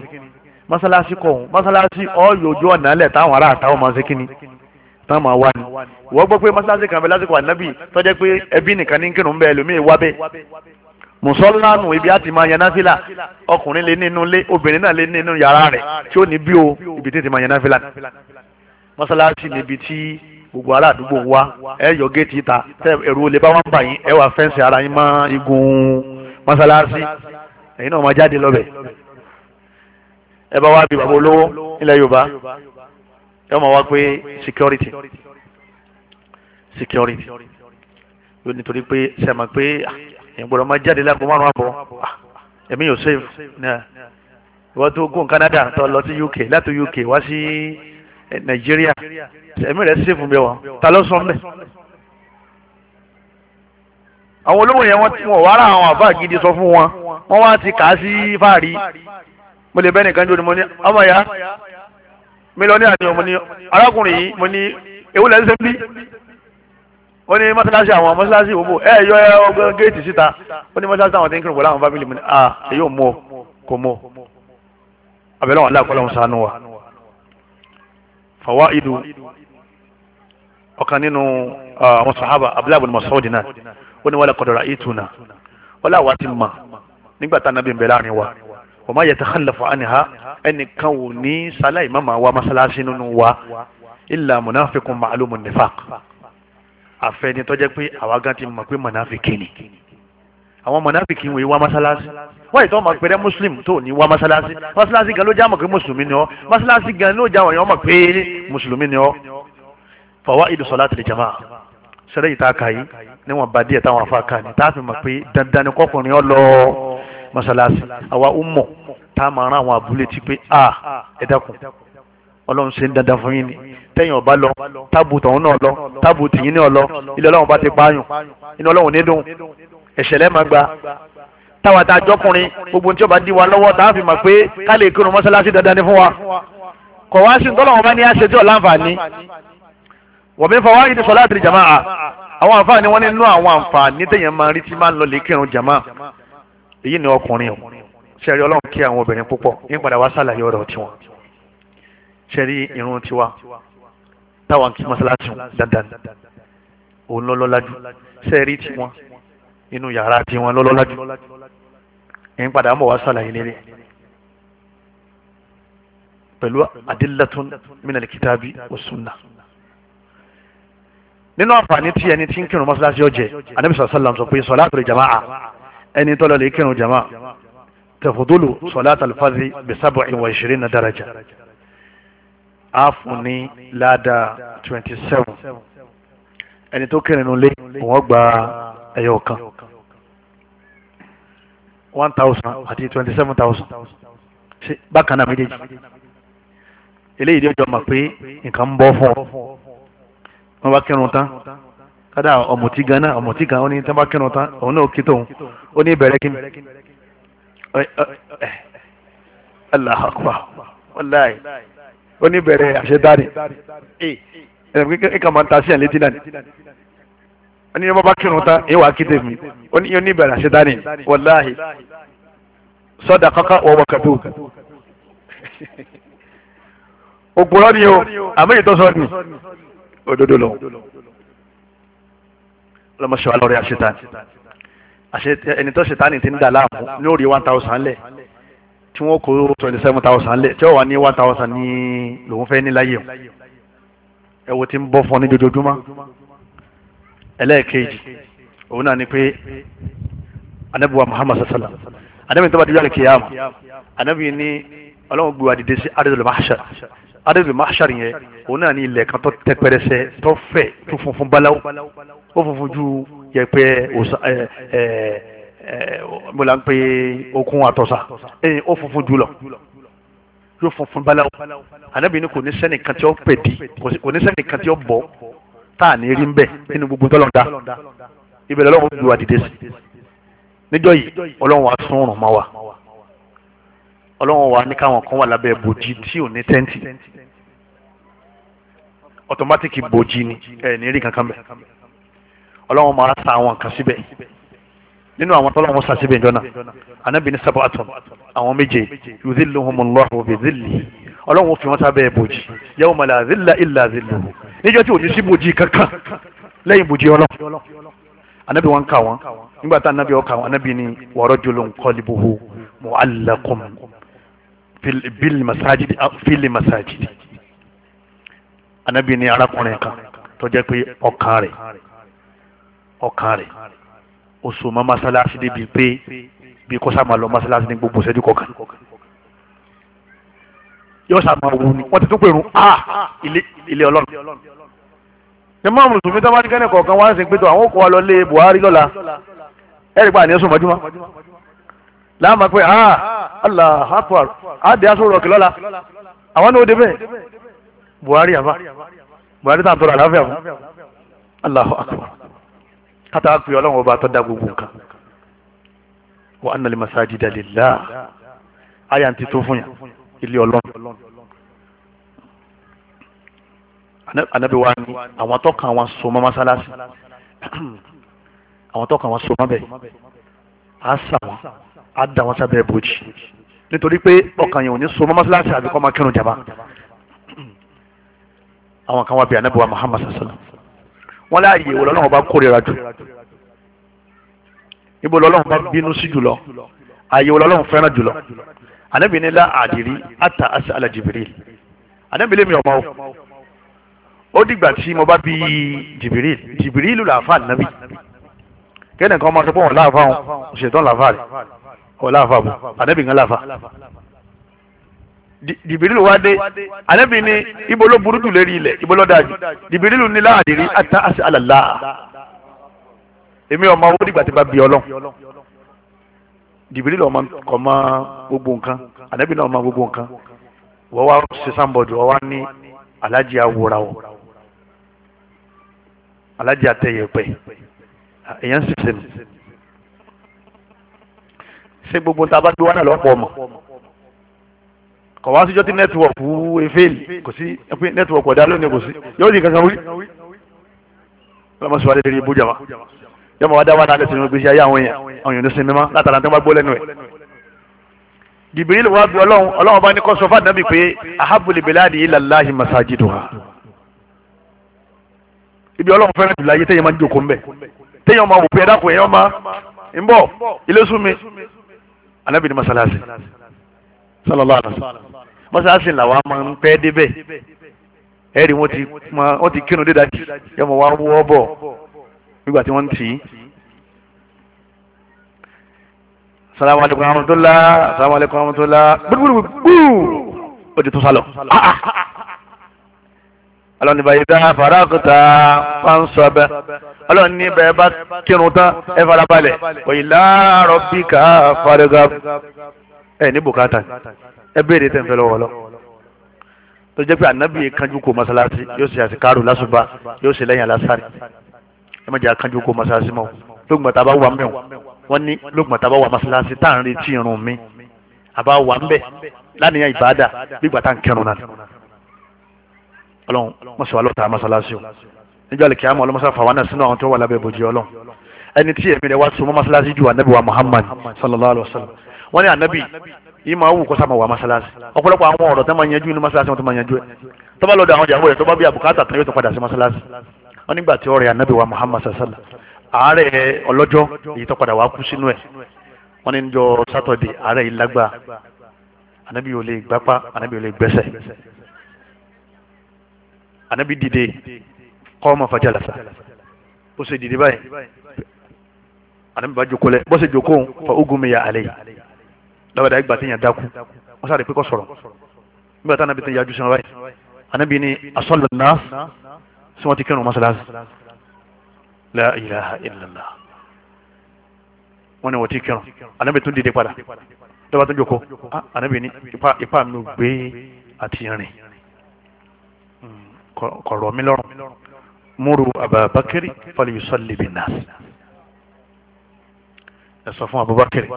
mọ́ṣáláṣí kọ̀ masalasi mọ́ṣáláṣí ọ̀yọ̀ ojú ọ̀nà alẹ̀ táwọn ará àtàwọn máa ṣe kínni táwọn máa wá ni wọ́n gbọ́ pé mọ́ṣáláṣí kan bẹ lásìkò ànábì tó pé ẹbí nìkan ní kírun bẹ́ẹ̀ lómi ìwá bẹ́ẹ̀ mùsọ́lánù ibi àti máa yan náfìlà ọkùnrin lè nínú ilé obìnrin náà lè nínú yàrá rẹ̀ tí ó ní bí o ibi tí ti máa yan náfìlà ni. mọ́sálásí níbi tí gbogbo ará àdúgbò wa ẹ yọ géètì ta tẹ ẹrù olè bá wọn bà yín ẹ wà fẹ́ǹsì ara yín mọ́ igun mọ́sálásí ẹ̀yin náà máa jáde lọ́bẹ̀. ẹ bá wá bí bàbá olówó nílẹ̀ yorùbá ẹ máa wá pé security security yóò nítorí pé sẹ́ẹ̀ máa pé ah, èyàn gbọ́dọ̀ máa jáde lágbo márùn àbọ̀ èmi ah, yóò save náà ìwọ́n tó gún Canada tó lọ sí UK láti UK wá sí Nàìjíríà èmi rẹ̀ save mi wọ̀ ta ló sọ mbẹ́. àwọn olówó yẹn wọ́n ti wọ̀ wàrà àwọn àbá gidi sọ fún wọn wọ́n wá ti kà á sí fáàrí mo lè bẹ́ẹ̀ nìkan jò ní mo ní ọmọ ya mílíọ̀nù àti ọmọ ní arákùnrin yìí mo ní ewu lẹ́sẹ̀ bí ó ní mọ́sálásí àwọn mọ́sálásí òwò ẹ yọ ọgbọ́n géètì síta ó ní mọ́sálásí àwọn tí ń kírun pẹ̀lú àwọn fámìlì mi à ah, èyí ò mú ọ kò mú ọ abẹ́lẹ́ wọn aláàkọ́ lọ́hún sànú wa. fàwa idu ọ̀kan nínú ah, àwọn sàhábà abdullahi masoud náà ó ní wọ́n lè kọ́dọ̀rọ̀ ayé tuna wọ́n láwa ti mà nígbà tá nàbí nbẹ̀ láàrin wa wọ́n máa yẹ ta xalifa aniha ẹnìkan wò ní sáláì má wá mọ́sálásí nínú wa ilà munafikun ma'lumun nifaq àfẹni tó jẹ́ pé àwa gan ti mọ̀ pé mọ̀nàfíkì ni àwọn mọ̀nàfíkì wọ̀nyí wá mọ́sálásí wọ́n ìtọ́ ọmọ pẹ̀lẹ́ mùsùlùmí tó ní wá mọ́sálásí mọ́sálásí gan ló já mọ̀ pé mùsùlùmí ni ọ́ Masalasi gan ló já ọ̀yàn mọ̀ pé mùsùlùmí ni ọ́ fawaidu salati li jamaa sẹ́lẹ̀ yìí tá a kà yìí níwọ̀n bá díẹ̀ táwọn afa kà ní tá a fi mọ̀ pé dandan kọkùnrin ọ lọ mọ́sálásí àwa umọ̀ tá a máa rán àwọn abúlé ti pé a ẹ ọlọ́run ṣe ń dandan fún yín ni tẹ̀yìn ọba lọ tábù tọ̀hún náà lọ tábù tìyín náà lọ ilé ọlọ́run bá ti pààyàn iná ọlọ́run ní dùn ẹ̀ṣẹ̀ lẹ́ẹ̀ máa gba táwa tá a jọkùnrin gbogbo tí ó bá dí wa lọ́wọ́ tá a fi mọ̀ pé ká lè kírun mọ́ṣáláṣí dandan ni fún wa kọ̀ wá sí ntọ́lọ́wọ́n bá ní àṣẹ tí ò láǹfààní wọ́n mi fọwọ́ yìí ní sọlá àti jàmáà àwọn àǹfààní wọn nínú àwọn àǹfààní téèyàn máa rí tí máa ń lọ lè kírun jàmáà èyí ni ọkùnrin o sẹ́rí ọlọ́run kí àwọn obìnrin púpọ̀ ní padà wá sàlàyé ọ̀rọ̀ tiwọn sẹ́rí irun tiwa táwọn kí mọ́sálásí dandan o lo lo òun lọ́lọ́lájú ti won inú yàrá ti won lo lo laju en padà mọ̀ wá sala sàlàyé ni pẹ̀lú adillatun minal kitabi wa sunnah nínú afani tí ẹni tin ń kírun mọ́sálásí ọ̀jẹ̀ anabi sallallahu alaihi wasallam sọ pé sọláàtù jama'a ẹni to lo lè kírun jama'a tafudulu sọláàtù alfazi bi 27 wa daraja. á fún ní twenty seven ẹni tó kẹrin nulẹ̀ wọ́n gba ẹyọ kan one thousand àti twenty seven thousand bákan náà méjèèjì eléyìí dé ọjọ́ mà pé nǹkan ń bọ́ fún ọ wọ́n bá kírun tán kádà ọ̀mùtí gan náà ọ̀mùtí gan ó ní tán bá kírun tán òun náà kí tóun ó ní ìbẹ̀rẹ̀ kí ni Allahu Akbar wallahi ó ní bẹ̀rẹ̀ àṣetáni ẹ kà máa ń ta sí àlétí náà ni ó ní bàbá kírun tán ẹ wà á kí tèmi ó ní bẹ̀rẹ̀ àṣetáni wàláhì sọdà kankan wọ́n wọ́n kàdó òpùrọ́ ni o àmì ìtọ́sọ ni òdodo lọ lọmọ sọ alọrẹ àṣetáni ẹni tó ṣètáni ti ń dà láàmú ní òòrì one thousand lẹ tí wọ́n kó twenty seven thousand lẹ̀ tí wọ́n wà ní one thousand ní lòun fẹ́ ní láyé o ẹ wo ti ń bọ́ fún ọ ní dojoojúmọ́ ẹlẹ́ẹ̀kejì òun náà ni pé anabiwa muhammad sallam anabi tó bá dijọ́ alikiyama anabi ni ọlọ́run gbé wa dìde sí adédọ̀lù mahasar adédọ̀lù mahasar yẹn òun náà ni ilẹ̀ kan tó tẹ́ pẹrẹsẹ tó fẹ̀ tó funfun báláwo ó funfun ju yẹpẹ ẹ ẹ mo la ń pe okun àtọ̀sà ẹ̀yìn ó funfun jùlọ yóò funfun báláwo ànábì ni kò ní sẹ́ni kan tí ó pèdí kò ní sẹ́ni kan tí ó bọ̀ tá à ní rí ń bẹ̀ nínú gbogbo tọ́lọ̀ dá ìbẹ̀rẹ̀ ọlọ́run ju àdìdẹ sí níjọ́ yìí ọlọ́run wa sún ọ̀rùn mọ́ wa ọlọ́run wa ní káwọn kan wà lábẹ́ bòjì tí ò ní tẹ́ǹtì ọ̀tọ̀mátìkì bòjì ni ẹ̀ ní rí kankan bẹ̀ ọlọ́run máa sa àwọn nǹkan síbẹ̀ nínú àwọn tọ́lá wọn sàṣìbẹ̀ ìjọ náà anábì ní sábà àtọ̀ àwọn méje yuzilluhumullahu bi zillihi ọlọ́run fi wọn sábẹ́ bòjì yawma la zilla illa zilluhu níjọ́ tí ò ní sí bòjì kankan lẹ́yìn bòjì ọlọ́run anabi wọn ka wọn nígbà tá anabi wọn ka wọn anabi ni warajulun qalbuhu mu'allaqun bil masajid fil masajid anabi ni arákùnrin kan tó jẹ́ pé ọkàn rẹ̀ ọkàn rẹ̀ ó so mọ́ masalasi de pé bí kò sáà máa lọ masalasi ní gbogbo ìṣẹ́jú kọ̀ọ̀kan yóò sáà máa wù ní wọ́n ti tún pè rún a ilé ọlọ́run ní máa mùsùlùmí tó bá ní kẹ́nìkan kan wá ń sìn pétọ́ àwọn òkú wa lọ lé Buhari lọ́la ẹ̀rí pa àníyàn sùn mọ́júmọ́ láàmà pé a Allah akbar a dé aṣọ rọ̀kì lọ́la àwọn ní ó dé Buhari àbá Buhari tàn tọrọ àlàáfíà fún Allah akbar kátà pé ọlọ́run ọba tó dá gbogbo nǹkan wa anna al-masajida lillah àyà ń ti tó fún yà ilé ọlọ́run anabi wa ni àwọn tó kàn wọn so mọ́ mọ́sálásí àwọn tó kàn wọn so mọ́ bẹ́ẹ̀ á sà wọn á dà wọn sábẹ́ bòjì nítorí pé ọkàn yẹn ò ní so mọ́ àbíkọ́ máa kírun jàmbá àwọn kan wá bí anabi wa Muhammad sallallahu wọ́n láàyè ìwọ lọ́lọ́run bá kórìíra jù ibo lọ́lọ́run bá bínú sí jùlọ àyè ìwọ lọ́lọ́run fẹ́ràn jùlọ anabi ni la adiri ata asa ala jibiril anabi lè mi ọmọ o ó dìgbà tí mo bá bí jibiril jibiril làáfà nàbì kẹ́nìkan ọmọ sọ pé òun láàfà òun òṣètò làáfà rẹ̀ òun láàfà bò anabi ń láàfà jìbìrìlù wá dé ànábì ní ibo ló burú jù lérí ilẹ̀ ibo ló dájú jìbìrìlù ní láàdìrí ata àti àlàlá èmi ọmọ owó dìgbà tí bá bí ọlọ́n jìbìrìlù ọmọ kò mọ gbogbo nǹkan ànábì náà mọ gbogbo nǹkan wọ́n wá sísan bọ̀dù wọ́n wá ní alájí awòra o alájí atẹ̀yẹ̀pẹ̀ èèyàn sì sẹ́nu ṣé gbogbo ń ta bá gbé wá ọmọ kò wá síjọ́ tí nẹ́tíwọ̀pù efeeli kò sí pé nẹ́tíwọ̀pù ọ̀dà lónìí kò sí yóò di kankan wí. ọlọ́mọ sọ wa lè rí ibú jàmá yóò mọ̀ wá dá wà náà lẹ́sìn ìgbésí ayé àwọn èèyàn àwọn èèyàn ní sinmi mọ́ látara tó bá gbó lẹ́nu ẹ̀. Jibril wá bí ọlọ́run ọlọ́run bá ní kó sọ fún Ànábì pé ahabul biladi ilallahi masajiduha. ibi ọlọ́run fẹ́ràn jùlọ ayé téèyàn máa ń jókòó ń bẹ̀ téèyàn máa wò sallallahu alaihi wasallam mọ́sáàsì làwọn máa ń pẹ́ débẹ̀ ẹ̀rí wọ́n ti kírun dídájì yọmọ wa wọ́ bọ̀ nígbà tí wọ́n ń tì í. salamu alaykum wa rahmatulah salamu alaykum wa rahmatulah gbúgbúrú o ti tún sálọ. ọlọ́ni báyìí dá farakta fansọ́bẹ̀ ọlọ́ni bẹ́ẹ̀ bá kírun tán ẹ farabalẹ̀ wa ila rabbika ẹ ní bùkátà ẹ béèrè tẹ̀ ń fẹ́ lọ́wọ́ lọ tó jẹ́ pé ànábì yẹn kanjú kó masalasi yóò ṣe àsìkárò lásùbà yóò ṣe lẹ́yìn alásàrì ẹ má jẹ́ àkanjú kó masalasi mọ́ lóògùn tá a bá wà mẹ́wọ̀n wọ́n ní lóògùn tá a bá wà masalasi tá à ń retí irun mi àbá wà ń bẹ̀ lánìyàn ìbáadà gbígbà tá à ń kẹrun náà ọlọ́run mọ̀sọ̀ alọ́ta masalasi o níjọ́ àlèkè àmọ́ ọlọ́mọsá fàwọn náà sínú àwọn tó wà lábẹ́ ìbòjì ọlọ́run ẹni tí èmi rẹ̀ wá so mọ́ masalasi ju ànábì wa Muhammad sallallahu alayhi wa sallam wọ́n ní ànábì yìí máa wù kó sábà wà masalasi ọ̀pọ̀lọpọ̀ àwọn ọ̀rọ̀ tó máa yanjú ní masalasi wọn tó máa yanjú ẹ̀ tó bá lọ́dọ̀ àwọn ìyàwó rẹ̀ tó bá bí àbùkátà tó yóò tó padà sí masalasi wọ́n nígbà tí ọ̀rẹ́ ànábì wa Muhammad sasala àárẹ̀ ọlọ́jọ́ èyí tó padà wà kú sínú ẹ̀ wọ́n ní jọ sátọ̀dẹ̀ àárẹ̀ yìí lágbà ànábì ò lè gbápá ànábì ò lè gbẹ́sẹ̀ ànábì dìde kọ́ ọmọ fajalasa bó ṣe dìde báyìí ànábì bá jókòó lẹ̀ bó jókòó fa ogun mi yà àlẹ́ yìí dáwọ́dá ìgbà tí yẹn dákú wọ́n sáré pé kọ́ sọ̀rọ̀ nígbà táwọn abẹ́tẹ̀ yájú sínú báyìí anábì ni asọ́lù náà sí wọ́n ti kírun mọ́sálásí la ilaha illallah wọ́n ni wọ́n ti kírun anábì tún dìde padà dábàá tún jókòó anábì ah, ni ipa mi ò gbé àti rìn kọ̀rọ̀ mi lọ́rùn múru ababakiri fali yusalli bin nas ẹ sọ fún abubakiri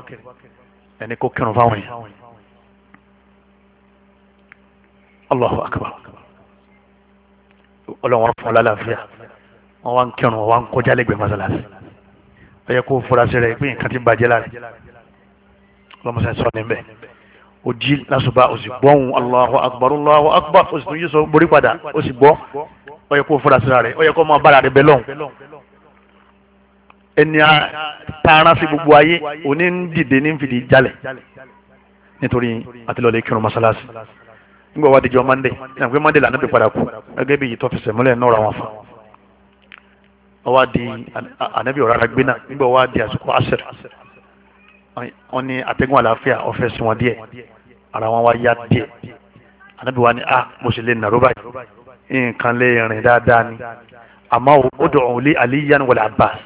ẹni kó kírun fáwọn yẹn allahu akbar ọlọ́wọ́n fún ọlọ́láfíà wọ́n wá ń kírun wọ́n wá ń kọjá lẹ́gbẹ̀ẹ́ mọ́sálásí ó yẹ kó furasí rẹ̀ pé nǹkan ti bàjẹ́ lára ọlọ́mọsá sọ níbẹ̀ ó jí lásùbà ó sì gbọ́ ohun allahu akbar allahu akbar ó sì tún yí sọ borí padà ó sì gbọ́ ó yẹ kó furasí rẹ̀ ó yẹ kó máa bára rẹ̀ bẹ́ lọ́hùn ẹni tààrà sí gbogbo ayé òní ń dìde ní fìdí jalè nítorí àtìlọ́lẹ̀ kírun masalasi nígbà wàá dijọ́ mande náà pé mande lànà bí padà kú gẹ́gẹ́ bí yìí tọ́fẹsẹ̀ múlẹ̀ nọ́ọ̀rọ̀ àwọn afa wàá di ànábì ọ̀rọ̀ ara gbéná nígbà wàá di àsìkò àṣẹr wọn ni àtẹ̀gùn àlàáfíà ọ̀fẹ́ sí wọn díẹ̀ ara wọn wá yá díẹ̀ ànábì wa ni a ah, mo sì lè nàró báyìí nǹkan lè rìn dáadáa ni àmọ́ ó dọ̀ Abbas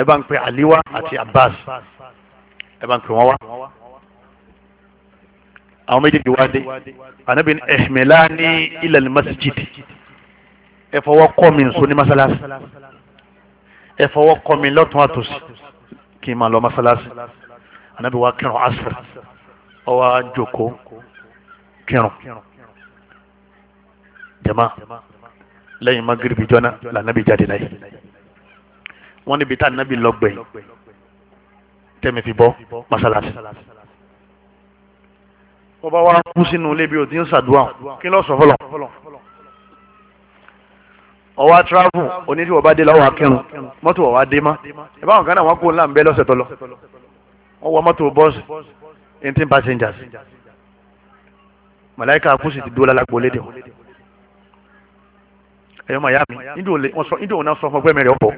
ẹ bá ń pe aliwa àti abbas ẹ bá ń pe wọn wá àwọn méjèèjì wá dé anabi ẹ̀hìnmẹ́lá ní ilal masjid ẹ fọwọ́ kọ́ mi nso ní masalasi ẹ fọwọ́ kọ́ mi lọ́tún àtòsí kí n máa lọ masalasi anabi wa kírun asr ó wá kírun jama lẹ́yìn magiribi jọ́nà lànàbí jáde láyé wọ́n níbi tá ànábì lọ́gbẹ̀ tẹ́mi fi bọ́ masalasi wọ́n bá wá kú sínú ilé bí o ti ń ṣàdúrà kí ló sọ fọlọ́ ọwọ́ travel oníṣẹ́ ọba dé lọ́wọ́ akẹ́rùn mọ́tò ọ̀wá dé má ẹ báwọn kan náà wọ́n kó ńlá ń bẹ́ lọ́sẹ̀ tọ́lọ́ wọ́n wọ mọ́tò bọ́ọ̀sì eighteen passengers màláìka kú sì ti dúró lálágbó lédè wọn ẹ̀yọ́ màyà mi nídò wọn sọ fún ọgbẹ́ mi rẹ̀ ọ̀pọ̀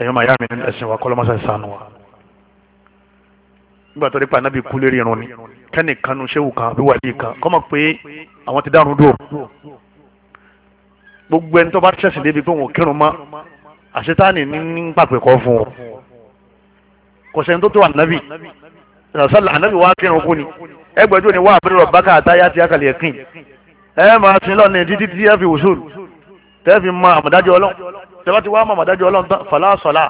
ẹ̀yọ́ màá yá mi nínú ẹ̀sìn wa kọ́lọ́mọ́sá ìsànù wa nígbà tó dé pa anábì kú lérí irun ni kẹ́nì kanu ṣéwù kan àbí wàlíì kan kọ́mọ̀ pé àwọn ti dárun dúró gbogbo ẹni tó bá ṣẹ̀sìn débi pé òun kírun mọ́ àṣetáni ní pàpẹ́ kọ́ fún un kò sẹ́ni tó tó ànábì sàlá ànábì wa kírun kú ni ẹgbẹ́jọ́ ni wà á bẹ̀rẹ̀ ọ̀bá káàtá yá ti àkàlẹ̀ ẹ̀kìn ẹ máa sin lọ́ọ̀ni títí tí ẹ fi wùsùn tẹ́ fi mọ àmọ̀dájọ́ ọlọ́run tẹ́bá ti wá mọ̀ màdájọ́ ọlọ́run tán fàlàsọ̀là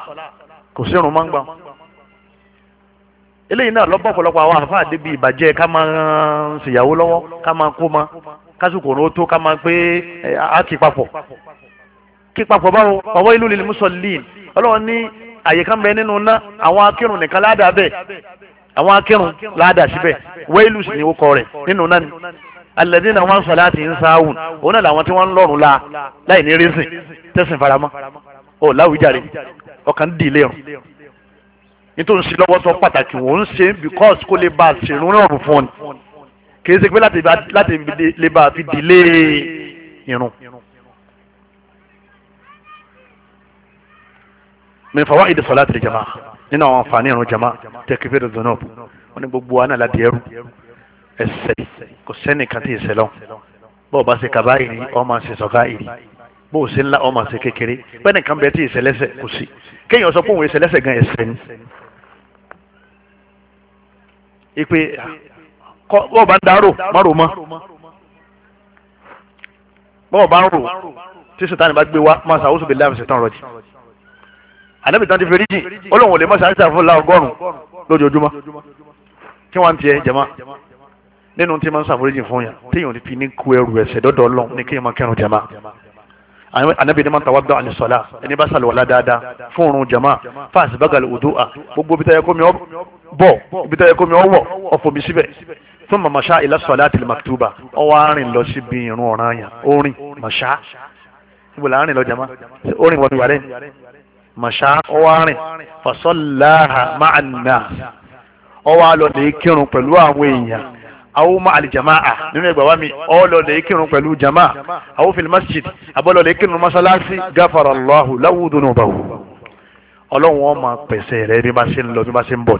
kò sí irun mọ́ngbà eléyìí náà lọ́pọ̀ ọ̀pọ̀lọpọ̀ àwọn àfáà débi ìbàjẹ́ ká máa ń ṣèyàwó lọ́wọ́ ká máa kó ma kásìkò ní ó tó ká máa pé á kí papọ̀ kí papọ̀ báwo ọwọ́ ìlú lil musallin ọlọ́run ní àyè kan bẹ nínú ná àwọn akírun nìkan ládàá bẹ́ẹ̀ àwọn akírun ládàá síbẹ̀ wẹ́ẹ́lù sì ni ó kọ rẹ̀ nínú náà ni alẹ́dín náà wọ́n ń sọ láti ń sáwùn òun náà làwọn tí wọ́n ń lọ́rùn la láì ní rísìn tẹ̀sìn faramọ́ ò láwùjáre ọkàn dì ilé rùn nítorí sí lọ́wọ́ sọ pàtàkì wọ́n ń ṣe because kó lè bá a ṣèrún rọrùn fún ọ ni kì í ṣe pé láti lè bá a fi dìlé irun. min fawaid salati aljamaa nínú àwọn àǹfààní irun jamaa tẹkifẹrẹ zonob wọn ni gbogbo wa náà la di ẹrú ẹsẹ kò sẹ́nìkan tí ì sẹ́lọ̀ bó o bá ṣe kaba ìrì ọmọ ṣe sọ̀ka ìrì bó o ṣe ńlá ọmọ ṣe kékeré bẹ́ẹ̀ nìkan bẹ́ẹ̀ tí ì sẹ́lẹ́sẹ̀ kò sí kéèyàn sọ pé òun ìṣẹ̀lẹ́sẹ̀ gan ẹ̀sẹ̀ ni. ìpè bó o bá ń darò má mọ́ bó o bá ń rò tí sèǹtàn bá gbé wa máa ṣàwùsùn bẹ́ẹ̀ láàmì sèǹtàn rọ̀jì ànábì tán ti fi ríjìn ó lóun ò lè má ṣàṣà fún la ọgọ́rùn-ún lójoojúmọ́ kí wọ́n ti ẹ jẹ̀mọ́ nínú tí máa ń ṣàforíjì fún yàn téèyàn ti fi ní kú ẹrù ẹ̀ṣẹ̀ dọ́dọ̀ ọlọ́run ní kéèyàn máa kẹrùn jama anabi ni máa ń tàwa dọ́ àní sọ́lá ẹni bá sàlùwàlá dáadáa fún òrùn jama fáàsì bágàlì òdó à gbogbo ibi táyẹ kómi bọ̀ ibi táyẹ kómi ọwọ́ ọ̀fọ̀ mi síbẹ̀ fún mamasa ilá sọ́lá àti maktuba ọwọ́ arìn lọ síbi irun ọ̀ràn yàn orin masa ibo la arìn lọ jama orin wọn ni wàlẹ́ masa ọwọ́ arìn fasọ́láha máa nà ọwọ́ alọ́ lè kírun pẹ̀lú àwọn èèyàn awo ma alijamaa nínú ẹgbàá wa mi ọlọlẹ kírun pẹ̀lú jama awo fil masjid abọlọlẹ kírun masalasi gafara allahu lawu dunubahu Ọlọ́run ó máa pèsè rẹ bí bá ṣe ń lọ bí bá ṣe ń bọ̀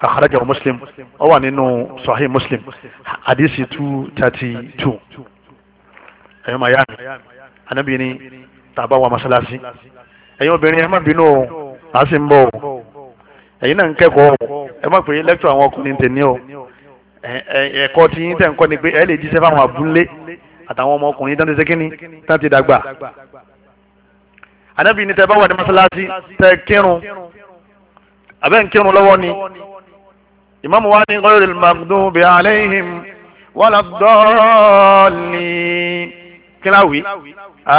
akhrajahu muslim ó wà nínú sahih muslim hadisi two thirty two ẹ̀yin ma yá mi wa masalasi ẹ̀yin obìnrin ẹ má o àá sì ń bọ̀ o ẹ̀yin náà ń kẹ́kọ̀ọ́ ẹ má pè é lẹ́kítọ̀ àwọn ọkùnrin tèmi o ẹ̀kọ́ tí yín tẹ̀ ń kọ́ ni pé ẹ lè jíṣẹ́ fáwọn abúlé àtàwọn ọmọkùnrin tán ti ṣe kínní tán ti dàgbà. ànábì ní tẹ bá wà ní mọ́sálásí tẹ kírun abẹ́ ń kírun lọ́wọ́ ni ìmáàmù wa ní ghayril maghdubi alayhim wala ddallin kíláwì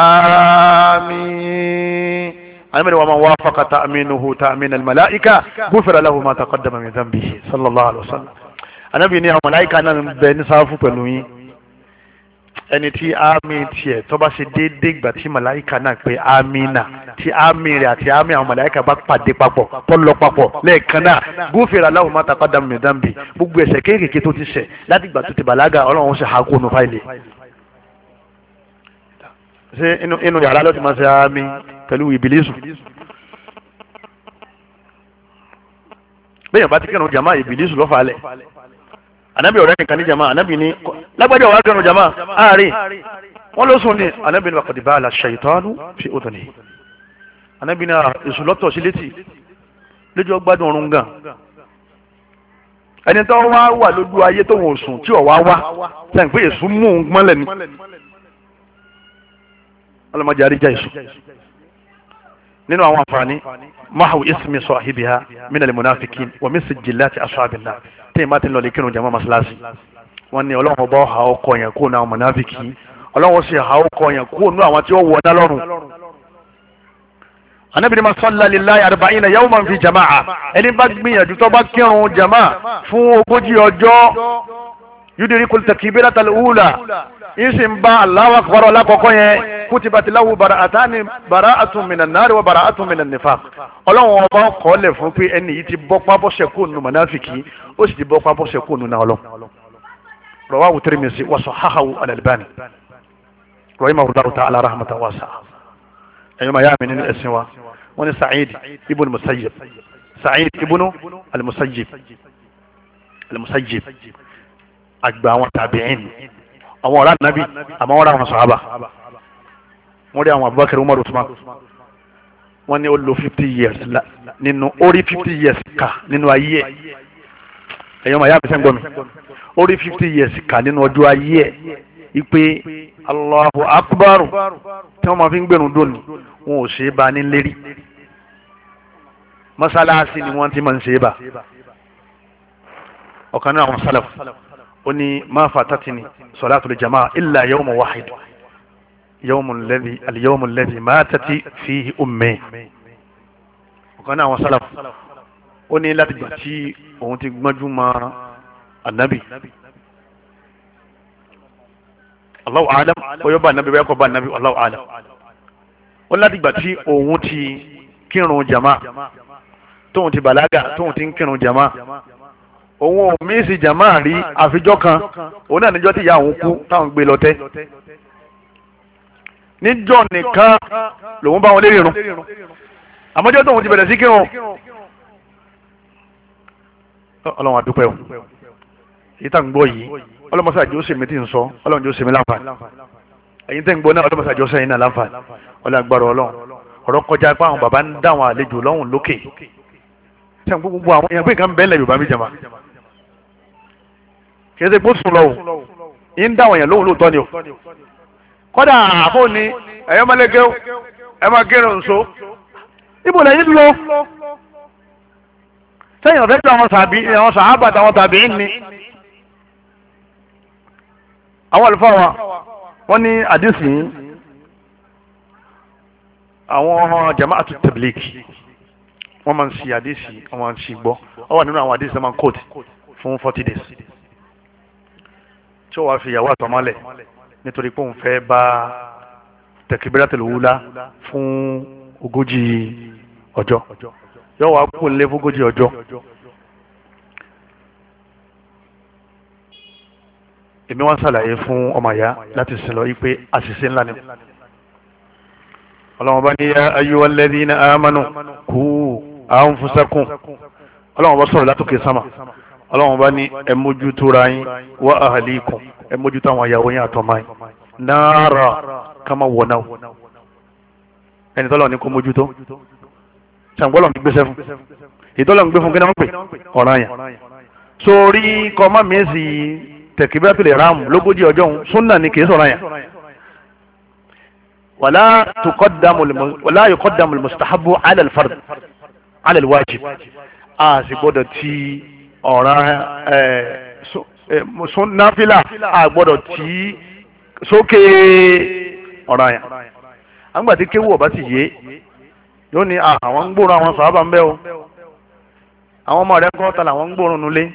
àmín alimẹ́rin wa ma wá faka ta aminu hu ta aminu almalaika gufira lahu ma ta kọ́dama mi zambi sallallahu alaihi wa sallam anabi ni àwọn malaika náà ń bẹ ní sáfù pẹ̀lú yín ẹni tí àmì tiẹ̀ tó bá ṣe déédéé ìgbà tí malaika náà pé àmì náà tí àmì rẹ̀ àti àmì àwọn malaika bá pàdé papọ̀ tó lọ papọ̀ lẹ́ẹ̀kan náà gufira lahu ma ta kọ́dama mi zambi gbogbo ẹ̀ṣẹ̀ kéékèèké ti ṣẹ̀ láti ìgbà tó ti bàlágà ọlọ́run ṣe àkóónú fáìlì ṣé inú yàrá ló ti máa ṣe àmì pẹ̀lú ìbílísù bẹ́ẹ̀ bá ti kẹ́nu jama ìbílísù lọ́fà alẹ̀ anabi ọ̀rẹ́ nìkan ní jama anabi ní lágbájá wàá kẹ́nu jama àárín wọ́n ló sùn ní anabi ní wàkàtí bá a la ṣàyítánú fi ó tẹ̀lé anabi ní èṣù lọ́tọ̀ sí létí lójú ọgbádùn ọ̀run gan ẹni tó wá wà lójú ayé tó wọ̀ sùn tí ò wá wá sẹ́yìn pé èṣù mú un gbọ́nlẹ̀ ni ọlọ́mọdé àríjà èso nínú àwọn àǹfààní mahawu ismi sahibiha min almunafikin wa min sijillati ashabillah tẹ́yìn bá ti lọ lè kírun jama masalasi wọn ni ọlọ́run bá ha ọkọ yẹn kó nu àwọn munafiki ọlọ́run sì ha ọkọ yẹn kó nu àwọn tí ó wọ ọ̀dá lọ́rùn. anabi ni ma salla lillahi arba'ina yawman fi jama'a ẹni bá gbìyànjú tó bá kírun jama fún ogójì ọjọ́ yudiri kulita kibira tali wula isi n ba Allahu akbar ọlákọ̀ọ́kọ́ yẹn kutibati lahu bara atani bara atun mina naari wa bara atun mina nifa ọlọ́wọ́n ọba kọ́ lẹ̀ fún pé ẹni yìí ti bọ́ pápọ́sẹ̀ kó nu mọ̀náfìkì ó sì ti bọ́ pápọ́sẹ̀ kó nu náà lọ. rawahu Tirmidhi wa sahahahu al-Albani rahimahullahu ta'ala rahmatan wasi'a ẹ̀yọ́ màá mi nínú ẹ̀sìn wa wọ́n ní Sa'id ibn Musayyib Sa'id ibn al-Musayyib àgbà àwọn tàbíìn àwọn ọ̀rá nàbí àmọ́ wọ́n rà àwọn sàhábà wọ́n rí àwọn Abubakar Umar Usman wọ́n ní ó lò fifty years nínú ó rí fifty years kà nínú ayé ẹ̀ ẹ̀yọ́ màá yá àbísẹ́ ń fifty years kà nínú ọjọ́ ayé ẹ̀ ipe Allahu Akbar tí wọ́n máa fi ń gbẹ̀rún dòní wọn ò ṣe ba ní lérí mọ́sálásí ni wọ́n ti máa ń ṣe ba ọ̀kan náà àwọn sálàfù ó ní máa fatati ni sọláàtúlẹ̀ jama ilà yawma wahid yawmu lẹ́bi aliyawmu lẹ́bi máa tati fi umme ọ̀kan náà àwọn sálàfù ó ní láti gbà tí òun ti gbájú ma anabi Allahu alam oyó bá anabi bẹ́ẹ̀ kọ́ bá anabi Allahu alam ó láti gbà tí òun ti kírun jama tóun ti bàlágà tóun ti kírun jama. jama òun ò mí sí jàmá rí àfijọ́ kan òun náà níjọ́ tí ìyá òun kú táwọn gbé lọ tẹ́ níjọ́ nìkan lòun bá wọn lérí irun àmọ́jọ́ tóun ti bẹ̀rẹ̀ sí kírun ọlọ́run àdúpẹ́ o èyí tá ń gbọ́ yìí ọlọ́mọṣẹ́ àjọ sèmi tí ń sọ ọlọ́run jọ sèmi láǹfààní ẹ̀yin tẹ́ ń gbọ́ náà ọlọ́mọṣẹ́ àjọ sẹ́yìn náà láǹfààní ọlọ́run agbára ọlọ́run ọ̀rọ̀ kọjá pé àwọn bàbá ń dá àlejò lọ́hùn lókè sẹ́yìn gbogbo àwọn èèyàn pé nǹkan bẹ́ẹ̀ lẹ̀ Yorùbá kì í ṣe kó sùn lọ o yìí ń dáwọn yẹn lóhùn lóòótọ́ ni o kọ́dà àfọ̀ ni ẹ̀yọ́ mọ́lẹ́gẹ́ o ẹ máa gẹ́rùn nso ibo lẹ́yìn lọ sẹ́yìn ọ̀fẹ́ tí àwọn sàbí àwọn sàábà àtàwọn tàbí ń ni àwọn àlùfáà wa wọ́n ní àdìsí àwọn jama'atu tabliki wọ́n máa ń si àdìsí wọ́n máa ń si gbọ́ ọ wà nínú àwọn àdìsí wọ́n máa ń kóòtù fún forty days tí ó wàá fi ìyàwó àtọmọlẹ nítorí pé òun fẹ́ bá tẹkibiratul ula fún ogójì ọjọ́ yóò wá kó lé fógójì ọjọ́ èmi wá ń ṣàlàyé fún ọmọ ìyá láti sin lọ wípé àṣìṣe ńlá ni ọlọ́run bá ní yá ayyuhal ladhina amanu qu anfusakum ọlọ́run bá sọ̀rọ̀ látòkè sámà ọlọ́run bá ní ẹ mójútó ra yín wá ahlikum ẹ mójútó àwọn ìyàwó yín àtọ́mọ yín náírà ká má wọ̀ náà ẹni tọ́lọ̀ ní kó mójútó ṣàǹgbọ́lọ̀ ń gbé sẹ́fún ìtọ́lọ̀ ń gbé fún kí ni wọ́n pè ọ̀ràn yẹn sórí kọ́má mẹ́sì tẹ̀kíbẹ́pìlẹ̀ ráàmù lógójì ọjọ́ òun súnà ni kì sọ̀ràn yẹn wàlá yòókọ́ dàmù mùsùlùmí ala al-fard ala gbọ́dọ̀ tí ọ̀ràn náfìlà àgbọ̀dọ̀ tí sókè ọ̀ràn yẹn àgbà tí kéwù ọ̀bá ti yé yóò ní àwọn gbóòrò àwọn sàábà ń bẹ́ o àwọn ọmọ rẹ̀ kọ́ ta làwọn gbóòrò nulẹ̀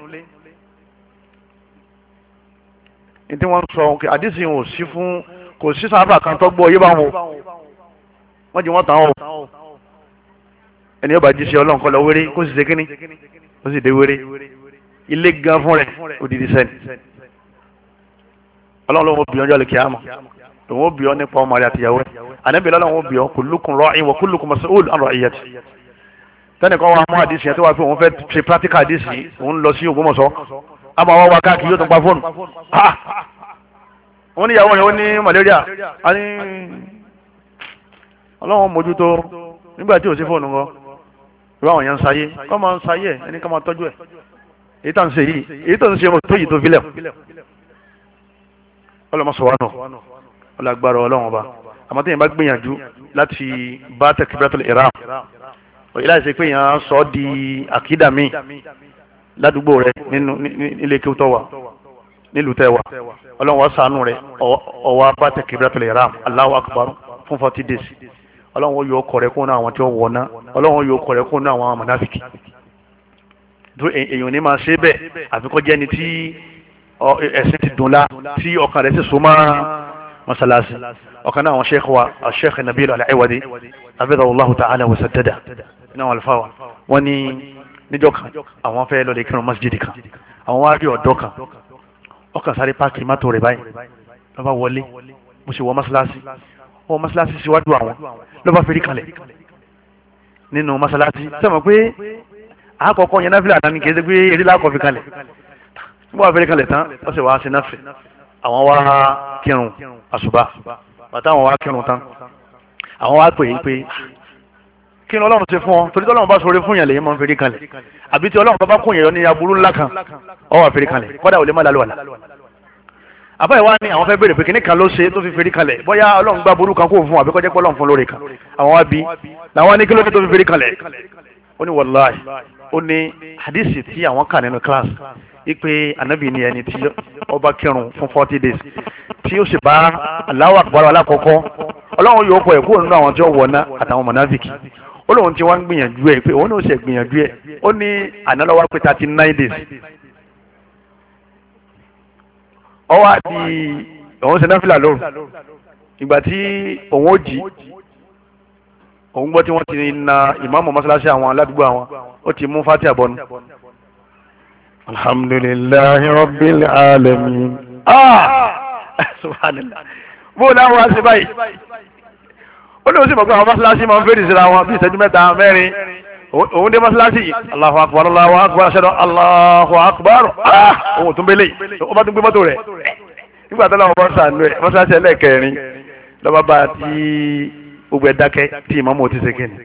ní tí wọ́n sọ àdìsí sí fún kò sí kan tó gbọ́ yé wọ́n jí wọ́n tàn o ẹni yóò bá jí sí ọlọ́nkọ́ lọ ilé gan fún rẹ̀ odidi sẹ́ni ọlọ́run lọ́wọ́ bí ọjọ́ lè kí a mọ̀ òun ó bí ọ nípa ọmọ rẹ̀ àtìyàwó rẹ̀ ànábì lọ́lọ́run ó bí ọ kullukum ra'in wa kullukum mas'ulun 'an ra'iyyati tẹ́nìkan wa mú àdìsí yẹn tó wà pé òun fẹ́ ṣe practical àdìsí òun lọ sí Ògbómọ̀ṣọ́ àmọ́ àwọn wa káàkiri yóò tún pa fóònù wọ́n ní ìyàwó rẹ̀ ó ní malaria a ní ọlọ́run mójútó nígbà tí ò sí fóònù gan ìwà àwọn yẹn ń sayé kọ́ máa ń sayé ẹni ká máa tọ́jú ẹ̀ èyí tó ń ṣe yìí èyí tó ń ṣe tó yìí tó filẹ̀ ọlọmọsọwọ́nù ọlọgbàrọ ọlọ́wọ́n ba àmọ́ tó yẹn bá gbìyànjú láti bá tẹkibiratul iram òyìnbó àti pé yẹn sọ ọ́ di àkídà mi ládùúgbò rẹ nínú ilé kí ó wa nílùú tẹ́ wa ọlọ́run wa ṣàánú rẹ ọwọ́ bá tẹkibiratul iram Allahu akbar fún forty days ọlọ́run yóò kọ̀ rẹ kó náà àwọn tí wọ́n wọ̀ náà ọlọ́run yóò kọ̀ rẹ náà àwọn mọ̀nàfíkì tó e-, èèyàn ní máa ṣe bẹ́ẹ̀ àfikún jẹ́ ni tí ẹ̀sìn ti dùn la tí ọkàn rẹ̀ sì so mọ́ masalasi ọkàn náà àwọn sheikh wa sheikh nabil al-Iwadi abidjan allahu ta'ala wa sadada iná wọn alfa wa wọn ní níjọ́ kan àwọn fẹ́ lọ lè kírun masjid kan àwọn wá rí ọ̀dọ́ kan ọkàn sáré páàkì mọ́tò rẹ̀ báyìí lọ́ba wọlé mo sì wọ masalasi wọ masalasi síwájú àwọn lọ́ba fẹ́rí kalẹ̀ nínú masalasi sọ pé àkọ́kọ́ yẹn náfìlà náà ni kì í ṣe pé eré lákọ̀ fi kalẹ̀ nígbà wàá fẹ́rẹ́ kalẹ̀ tán ó sì wàá ṣe náfì àwọn wá kírun àṣùbà bàtà àwọn wá kírun tán àwọn wá pè é pé kí ni ọlọ́run ṣe fún ọ torí tọ́lọ́run bá sọ̀rọ̀ fún yàn lèyìn máa ń fèrè kalẹ̀ àbí tí ọlọ́run bá kún yàn ní aburú ńlá kan ọ wà fèrè kalẹ̀ kọ́dà ò lè má lálẹ́ wàlà. àbáyé wa ni àwọn fẹ́ béèrè pé kíní kan ló ṣe tó fi fèrè kalẹ̀ bóyá ọlọ́run gba burú kan kó fún àbí kọ́jẹ́ pé ọlọ́run fún lórí kan àwọn wa bí làwọn ní kí ló ṣe tó fi fèrè kalẹ̀ ó ní wàláì ó ní hadisi tí àwọn kà nínú class ipe anabi ni ẹni tí ọba kírun fún forty days tí ó sì bá Allahu Akbar alákọ̀ọ́kọ́ ọlọ́run yóò kọ ẹ̀kú nínú àwọn tí ó wọ̀ ná àtàwọn mọ̀nàfíkì ó lóun ti wá ń gbìyànjú ẹ̀ pé òun náà ṣe gbìyànjú ẹ̀ ó ní ànálọ́wọ́ pé thirty nine days ọwọ́ àti òun ṣe náfìlà lóru ìgbà tí òun ó jí òun gbọ́ tí wọ́n ti na ìmáàmù mọ́sálásí àwọn aládùúgbò àwọn ó ti mú fati àbọ̀nu. alhamdulilayi rabbil alamin. Ah! subhanallah bó láwọn á ṣe báyìí ó lóun sì mọ̀ pé àwọn mọ́sálásí máa ń fèrè síra wọn bí ìṣẹ́jú mẹ́ta mẹ́rin òun dé mọ́sálásí aláhu akubar aláhu akubar aṣẹ́dọ̀ aláhu akubar ah! òun tún bẹ́lẹ̀ ó bá tún gbé mọ́tò rẹ̀ nígbà tó láwọn bá ń sàánú ẹ̀ mọ́sálásí ẹlẹ́ẹ̀kẹrin lọ́ba bá ti gbogbo ẹ dákẹ́ tí ìmọ̀mọ́ ti ṣe kíni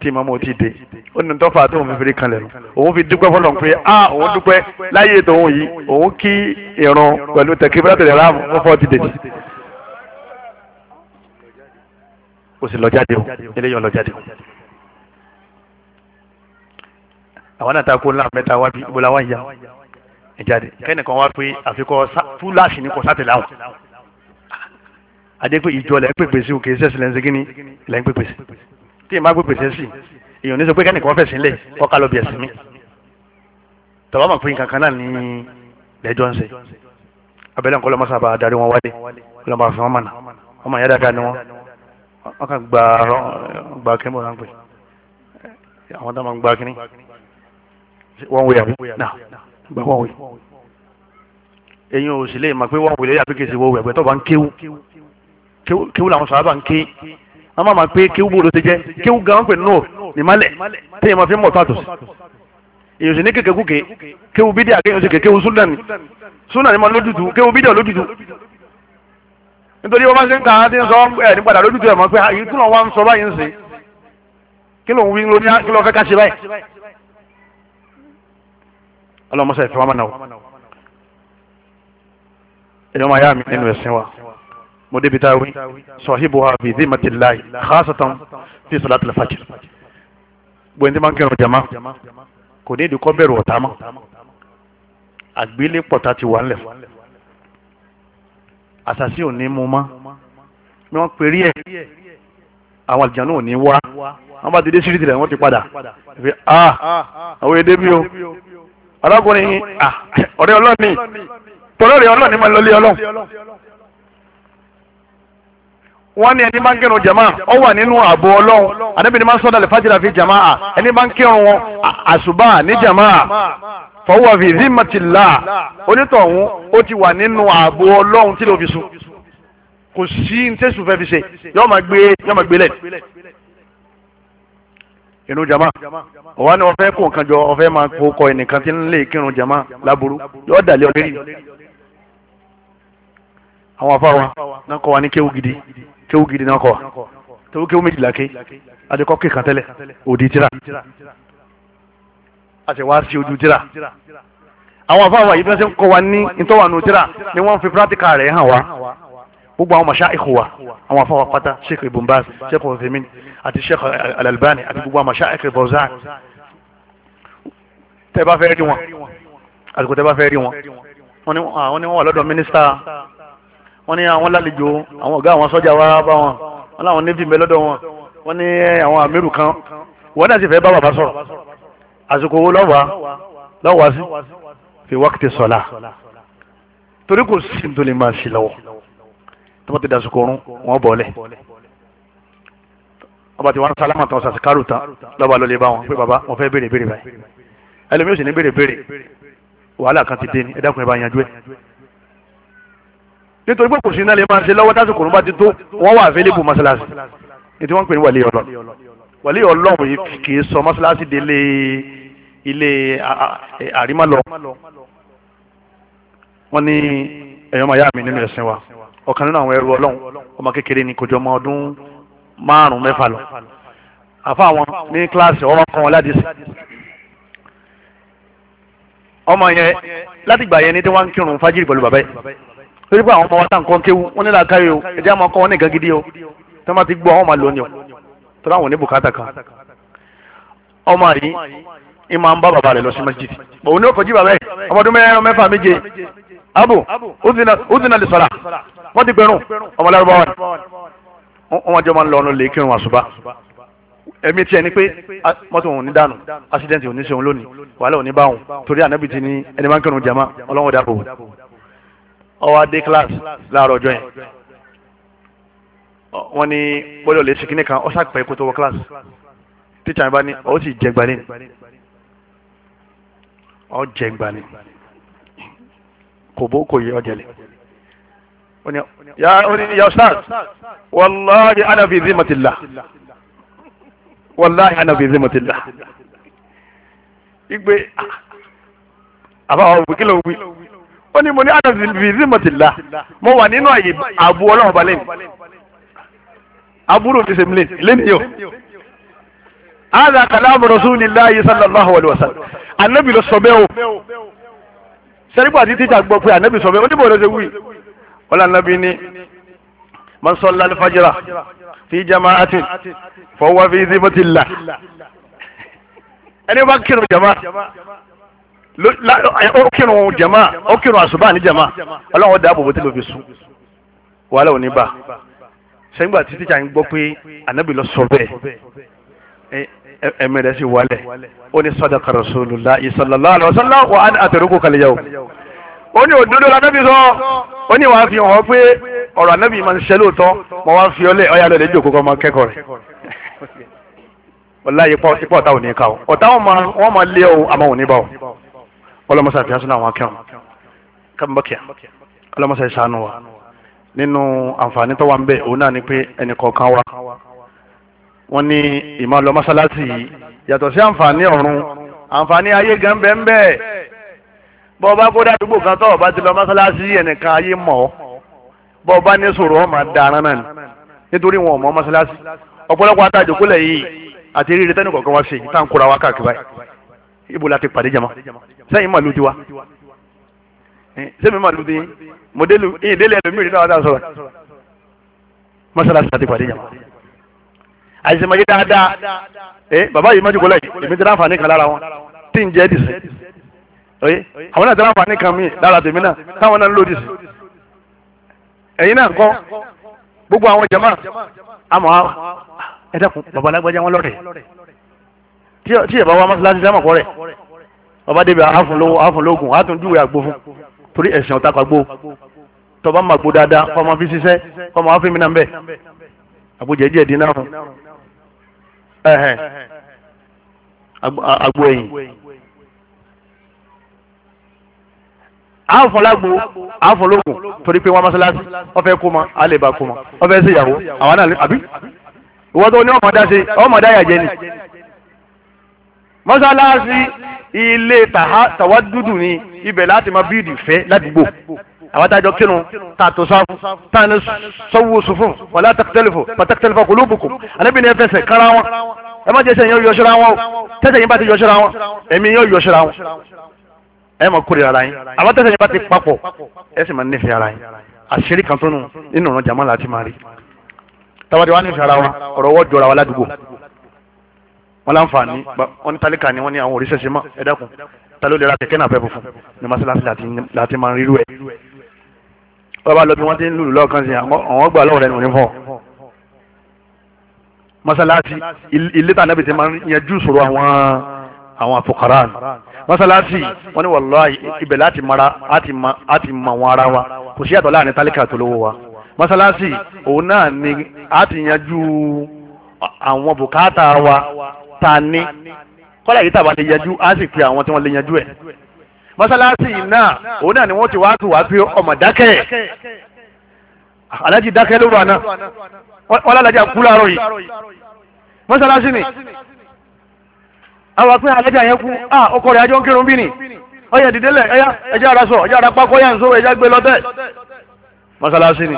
tí ìmọ̀mọ́ ti dé ó ní tọ́fà tó òun fi fi kan lẹ́nu òun fi dúpẹ́ fọlọ́n pé a òun dúpẹ́ láyé tòun yìí òun kí ìrun pẹ̀lú tẹkibirátì rẹ̀ ráàmù fún fọ́ọ̀tì dèjì ó sì lọ jáde o eléyìí lọ jáde o àwọn náà ta kó ńlá mẹ́ta wá bí ibola wá ń ya kẹ́nìkan wá pé àfikọ́ túláàsì ní kò sátẹ̀láwọ̀ adé pé ìjọ lẹ́ pèpè sí òkè sẹ́sì lẹ́nu sígi ni lẹ́ ń pèpè sí tí ìmá pèpè sẹ́sì èèyàn ní sọ pé kẹ́nìkan fẹ̀sìn lẹ̀ ọkà lọ bí ẹ̀sìn mi tọ́wọ́ mọ̀ pé nǹkan kan náà ní lẹ́jọ́ ń ṣe abẹ́lẹ́ nǹkan lọ́mọ sábà darí wọn wálé lọ́mọ àfi wọn mọ̀nà ọmọ ìyá dáadáa ni wọn wọn kàn gba gba kí wọn pè àwọn táwọn gba kí ni wọn wé àbí náà gba wọn wé èyí ò sì lè mọ̀ pé wọn wèlé àbíkèsè wọ wẹ̀ pẹ́ tó bá ń kéwú kéwú làwọn sàhábà ń ké wọn máa ma pé kéwú bó ló ti jẹ kéwú gan wọn pè nù nímálẹ téèyàn máa fi mọ tààtò èyàn sì ní kékeré kúkè kéwú bídíà kéwú sì kéwú súnà ni súnà ni mo lójútu kéwú bídíà lójútu nítorí wọn máa ṣe ń ta àti ń sọ ẹ nípadà lójútu ẹ mọ pé àyè kí ló wá ń sọ báyìí ń sè kí ló ń wí lóní ah, kí ló fẹ́ ká ṣe báyìí ọlọmọṣẹ ìfẹ́ wọn máa nà ó ẹ̀yọ́ máa yá mi nínú ẹ̀sìn wa mo débi tá a wí sahibuha fi zimmatillahi khasatan fi salati al-fajr gbẹ̀ndé máa ń kẹrùn jama kò ní ìdíkọ́ bẹ̀rù ọ̀tá mọ́ àgbélé pọ̀tà ti wà ńlẹ̀ àṣàṣì ò ní mú mọ́ ni wọ́n perí ẹ̀ àwọn àlùjànnú ò ní wá wọ́n bá ti dé síríìtì rẹ̀ wọ́n ti padà ìfẹ ah àwọn èdè bí o alákùnrin ọ̀rẹ́ ọlọ́ọ̀ni tọ́lọ́rẹ́ ọlọ́ọ̀ni máa ń lọlé ọlọ́ọ̀ wọ́n ni ẹni máa ń kírun jama ọ wà nínú ààbò ọlọ́run ànábì ni máa ń sọ́dọ̀ lè fàjìlá fi jama à ẹni máa ń kírun wọn àṣùbà ní jama à fọwọ́ fi zimatila onítọ̀hún ó ti wà nínú ààbò ọlọ́run tí ló fi sùn kò sí ní fẹ́ fi ṣe yọ́ọ́ máa gbé yọ́ọ́ máa gbé lẹ́nu inú jama ọwọ́ ni wọ́n fẹ́ kó nǹkan jọ wọ́n fẹ́ máa kó kọ ẹnìkan tí ń lè kírun jama láburú yọ́ọ́ dàlẹ́ ọ̀lẹ́rì àwọn afáwa náà kọ́ wa ní kéwù gidi kéwú gidi náà kọ kéwú kéwú méjìlá ké adekọ ké kan tẹ́lẹ̀ òdi tira àti wá sí ojú tira àwọn afáwà yìí fẹsẹ̀ ń kọ wa ní ntọ́wànú tira ni wọ́n fi pírátíkà rẹ̀ hàn wá gbogbo àwọn màṣá ìkùwà àwọn afáwà pátá sheikh ibn baz sheikh othemin àti sheikh alalbani àti gbogbo àwọn màṣá ìkùwà bọ̀zán tẹ́ bá fẹ́ rí wọn àtìkù tẹ́ bá fẹ́ rí wọn wọ́n ní wọ́n wà lọ́dọ̀ mínísítà wọ́n ní àwọn lálejò àwọn ọ̀gá àwọn sọ́jà wá bá wọn wọ́n láwọn níbi mẹ́ lọ́dọ̀ wọn wọ́n ní eh, àwọn àmírù kan wọ́n náà sì fẹ́ bá bàbá sọ̀rọ̀ àsìkò owó lọ́wàá lọ́wàá sí fi wákìtì sọ̀la torí kò sí tó lè máa sí lọ́wọ́ tó bá ti dàsìkò ọ̀run wọ́n bọ̀ọ́lẹ̀ ọba tí wọ́n sálámà tán sàṣìkárù tán lọ́ba lọ́lẹ̀ bá wọn pé bàbá wọn fẹ́ béèrè béèrè báyìí ẹlòmíràn sì ní béèrè béèrè wàhálà kan ti dé ni ẹ dákun ẹ bá yanjú ẹ nítorí pé kò sí iná lè máa ṣe lọ́wọ́ tásìkò nígbà tí tó wọ́n wà available mọ́ṣáláṣí ní tí wọ́n ń pè ní wàlíì ọlọ́run wàlíì ọlọ́run yìí kì í sọ mọ́ṣáláṣí délé ilé e, àrímálọ wọ́n ní ẹ̀yọ́ màyá mi nínú ẹ̀sìn wa ọ̀kan nínú àwọn ẹrú ọlọ́run ọmọ kékeré ni kò jọ ọmọ ọdún márùn-ún mẹ́fà lọ àfa àwọn ní kíláàsì ọwọ́ kan wọn ládìsí ọmọ yẹn látìgbà yẹn ní tí wọ́n ń kírun fájìrì pẹ̀lú bàbá yìí torí pé àwọn ọmọ wa tá nǹkan kéwu wọn nílò akáyè o ẹjẹ àwọn ọkọ wọn ní nǹkan gidi o tó má ti gbọ́ àwọn ọmọ lónìí o torí àwọn oníbùkátà kan ọmọ yìí ẹ máa ń bá bàbá rẹ lọ sí masjid òun ní ọkọjú bàbá yìí ọmọdún mẹ́rin mẹ́fà méje abo uzina lè sọlá wọn ti gbẹrun ọmọ lárúbáwá ni wọn jọ máa ń lọ ọ̀nà lè kírun àṣùbà ẹ̀mí tiẹ̀ ni pé mọ́tò òun ní dànù accident òun ní sẹ́wọ̀n lónìí wàhálà òun ní báwọn torí ànábìtì ní ẹni máa ń kírun jama ọlọ́wọ́n dàbò ọwọ́ adé kíláàsì láàárọ̀ ọjọ́ yẹn wọ́n ní gbọ́dọ̀ lè ṣèkínní kan ọ̀sà pẹ̀ kó tó wọ kíláàsì tíṣà yẹn bá ní ọ̀ sì jẹ gbalẹ̀ ọ̀ jẹ gbalẹ̀ kò bó kò yẹ ọ̀ jẹlẹ̀ ya ustaz wallahi ana fi zimatillah wallahi ana fi zimatillah igbe ah, àbáwọ̀ wí kí ó ní mo ní àdàbìsí mọ̀tìlá mo wà nínú àyè àbú ọlọ́run balẹ̀ ni àbúrò mi sèmi lé lẹ́nu yìí o. àdà kàlámù rasulillahi sallallahu alayhi wa sallam anabi lọ sọ bẹ́ẹ̀ o sẹ́rígbà tí títà gbọ́ pé anabi sọ bẹ́ẹ̀ o níbo ló ṣe wí ọlọ́run anabi ni man salla al fi jama'atin fa huwa fi zimmatillah ẹni bá kírun jama ó kírun jama ó kírun àṣùbà ní jama ọlọ́run dá àbòbò tí ló fi sùn wàhálà ò ní bà sẹ́gbà tí tíjà ń gbọ́ pé ànábì lọ sọ bẹ́ẹ̀ ẹ̀mí rẹ̀ sì wálẹ̀ ó ní sadaqa rasulullahi sallallahu alaihi wasallam wa ana atrukuka al-yawm ó ní òdodo ànábì sọ ó ní wàá fi hàn pé ọ̀rọ̀ ànábì máa ń ṣe lóòótọ́ mo wá fi ọlẹ́ ọ̀yà lọ́lẹ́ jòkó kọ́ máa kẹ́kọ̀ọ́ rẹ̀ wọ́n láyé ipá ọ̀tá òní ká ọ ọ̀tá wọn máa lé ọ àmọ́ òní bá ọ ọlọ́mọsá fi hásùn àwọn akẹ́wọ̀n kábàbọ́kẹ́ ọlọ́mọsá ìsànù wa nínú àǹfààní tó wà ń bẹ òun náà ni pé ẹnì kọ̀ọ̀kan wa wọ́n ní ìmọ̀ lọ mọ́sálásì yìí yàtọ̀ sí àǹfààní ọ̀run àǹfààní ayé gan bẹ́ẹ̀ bẹ́ẹ̀ bọ́ ọba kó dàdúgbò kan tó ọba ti lọ mọ́sálásì ẹnìkan ayé mọ̀ ọ́ bọ́ ọba ní sọ̀rọ̀ ọ́ máa náà ni nítorí wọn ò mọ̀ mọ́sálásì ọ̀pọ̀lọpọ̀ atajòkólẹ̀ yìí àti eré tẹ́nìkọ̀ọ̀kan wá sí ìtànkúra wákàkiri báyìí ibo la ti pàdé jama sẹ́yìn mà lójú wa sẹ́yìn mà lójú yín mọ̀dẹ́lù yín délé ẹlòmíràn náà wà dáa sọ̀rọ̀ mọ́sálásí la ti pàdé jama àìsèmọ̀yé dáadáa ẹ eh, bàbá yìí mọ́jú kọ́lá yìí èmi ti ráǹfààní kan lára wọn tí ń jẹ́ dìsẹ́ oye àwọn náà ti ráǹfààní kan mí lára tèmi náà táwọn náà ń lò dìsẹ́ ẹ̀yin náà kọ́ gbogbo àwọn jama àmọ́ ẹ dẹ́kun bàbá wọn lọ́rẹ̀ẹ́ tí ẹ̀ bá wá mọ́sálásí sẹ́mọ̀ kọ́ rẹ̀ ọba débi àfúnlówó àfúnlógún àtúndúwẹ̀ àgbo fún torí ẹ̀sìn ọ̀tá pàgbó tọba ń màgbó dáadáa kọ́mọ fi ṣiṣẹ́ kọ́mọ wá fún mi náà ń bẹ̀ àgbójẹ́ díẹ̀ dín náà fún ẹ̀hẹ̀n àgbo ẹ̀yìn àfọlágbo àfọlógún torí pé wọn mọ́sálásí ọ̀fẹ́ kó ma alẹ́ bá kó ma ọ̀fẹ́ ṣèyàwó àwọn náà àbí ìwọ́n tó ní ọmọdé ṣe ọmọdé àyàjẹ ni mọ́sálásí ilé tàwádùdù ni ibẹ̀ láti máa bíìdì fẹ́ ládùúgbò àwọn tájọ kírun tá a tó sáfù tá a ní sọ́wọ́ sùfún wàlá tẹkítẹ́lifù pàtẹ́kítẹ́lifù kò lóbùkù ànábì ni ẹ fẹsẹ̀ kára wọn ẹ má jẹ́ sẹ́yìn yóò yọṣọ́ra wọn o tẹ́sẹ̀ yín bá ti yọṣọ́ra wọn ẹ̀mí yóò yọṣọ́ra wọn ẹ má kórè ara yín àwọn tẹ́sẹ̀ yín bá ti papọ̀ ẹ sì má nífẹ̀ẹ́ ara yín àṣírí kan tó nù nínú ọ̀nà jàmọ́ láti má rí tàwádìí wá nífẹ̀ẹ́ ara wa ọ̀rọ̀ wọ́ jọra wa ládùúgbò wọn láǹfààní wọn ní tálíkà ni wọn ní àwọn òrìṣẹ́ ṣe mọ́ ẹ dákun ta ló lè ra náà fẹ́ fún ní masalasi lati máa rírú ẹ̀ wọ́n bá lọ bí wọ́n ti ń lùlù lọ́ọ̀kan sí àwọn ọgbà lọ́wọ́ rẹ̀ ní fọ́ masalasi ilé tànà bìtì máa yanjú ìṣòro àwọn àwọn àfọkàrà ni masalasi wọn ní wàlláhì ibẹ̀ láti mara àti ma àwọn ara wa kò sí ni láàrin tálíkà tó lówó wa masalasi òun náà ni àti yanjú àwọn bùkátà wa ta ní kọ́lá yìí tàbá lè yanjú á sì pe àwọn tí wọ́n lè yanjú ẹ̀ mọ́sálásì náà òun náà ni wọ́n ti wá tù wá pé ọmọ dákẹ́ alájí dákẹ́ lóru àná wọ́n lálàjà kú láàárọ̀ yìí mọ́sálásì ni àwọn pé alájà yẹn kú ah ọkọ rẹ̀ ajọ́ ń kírun bí ni ọyẹ dídélẹ̀ ẹyá ẹjẹ́ ara sọ ẹjẹ́ ara pákó yà ń sọ ẹjẹ́ gbé lọ́tẹ̀ mọ́sálásì ni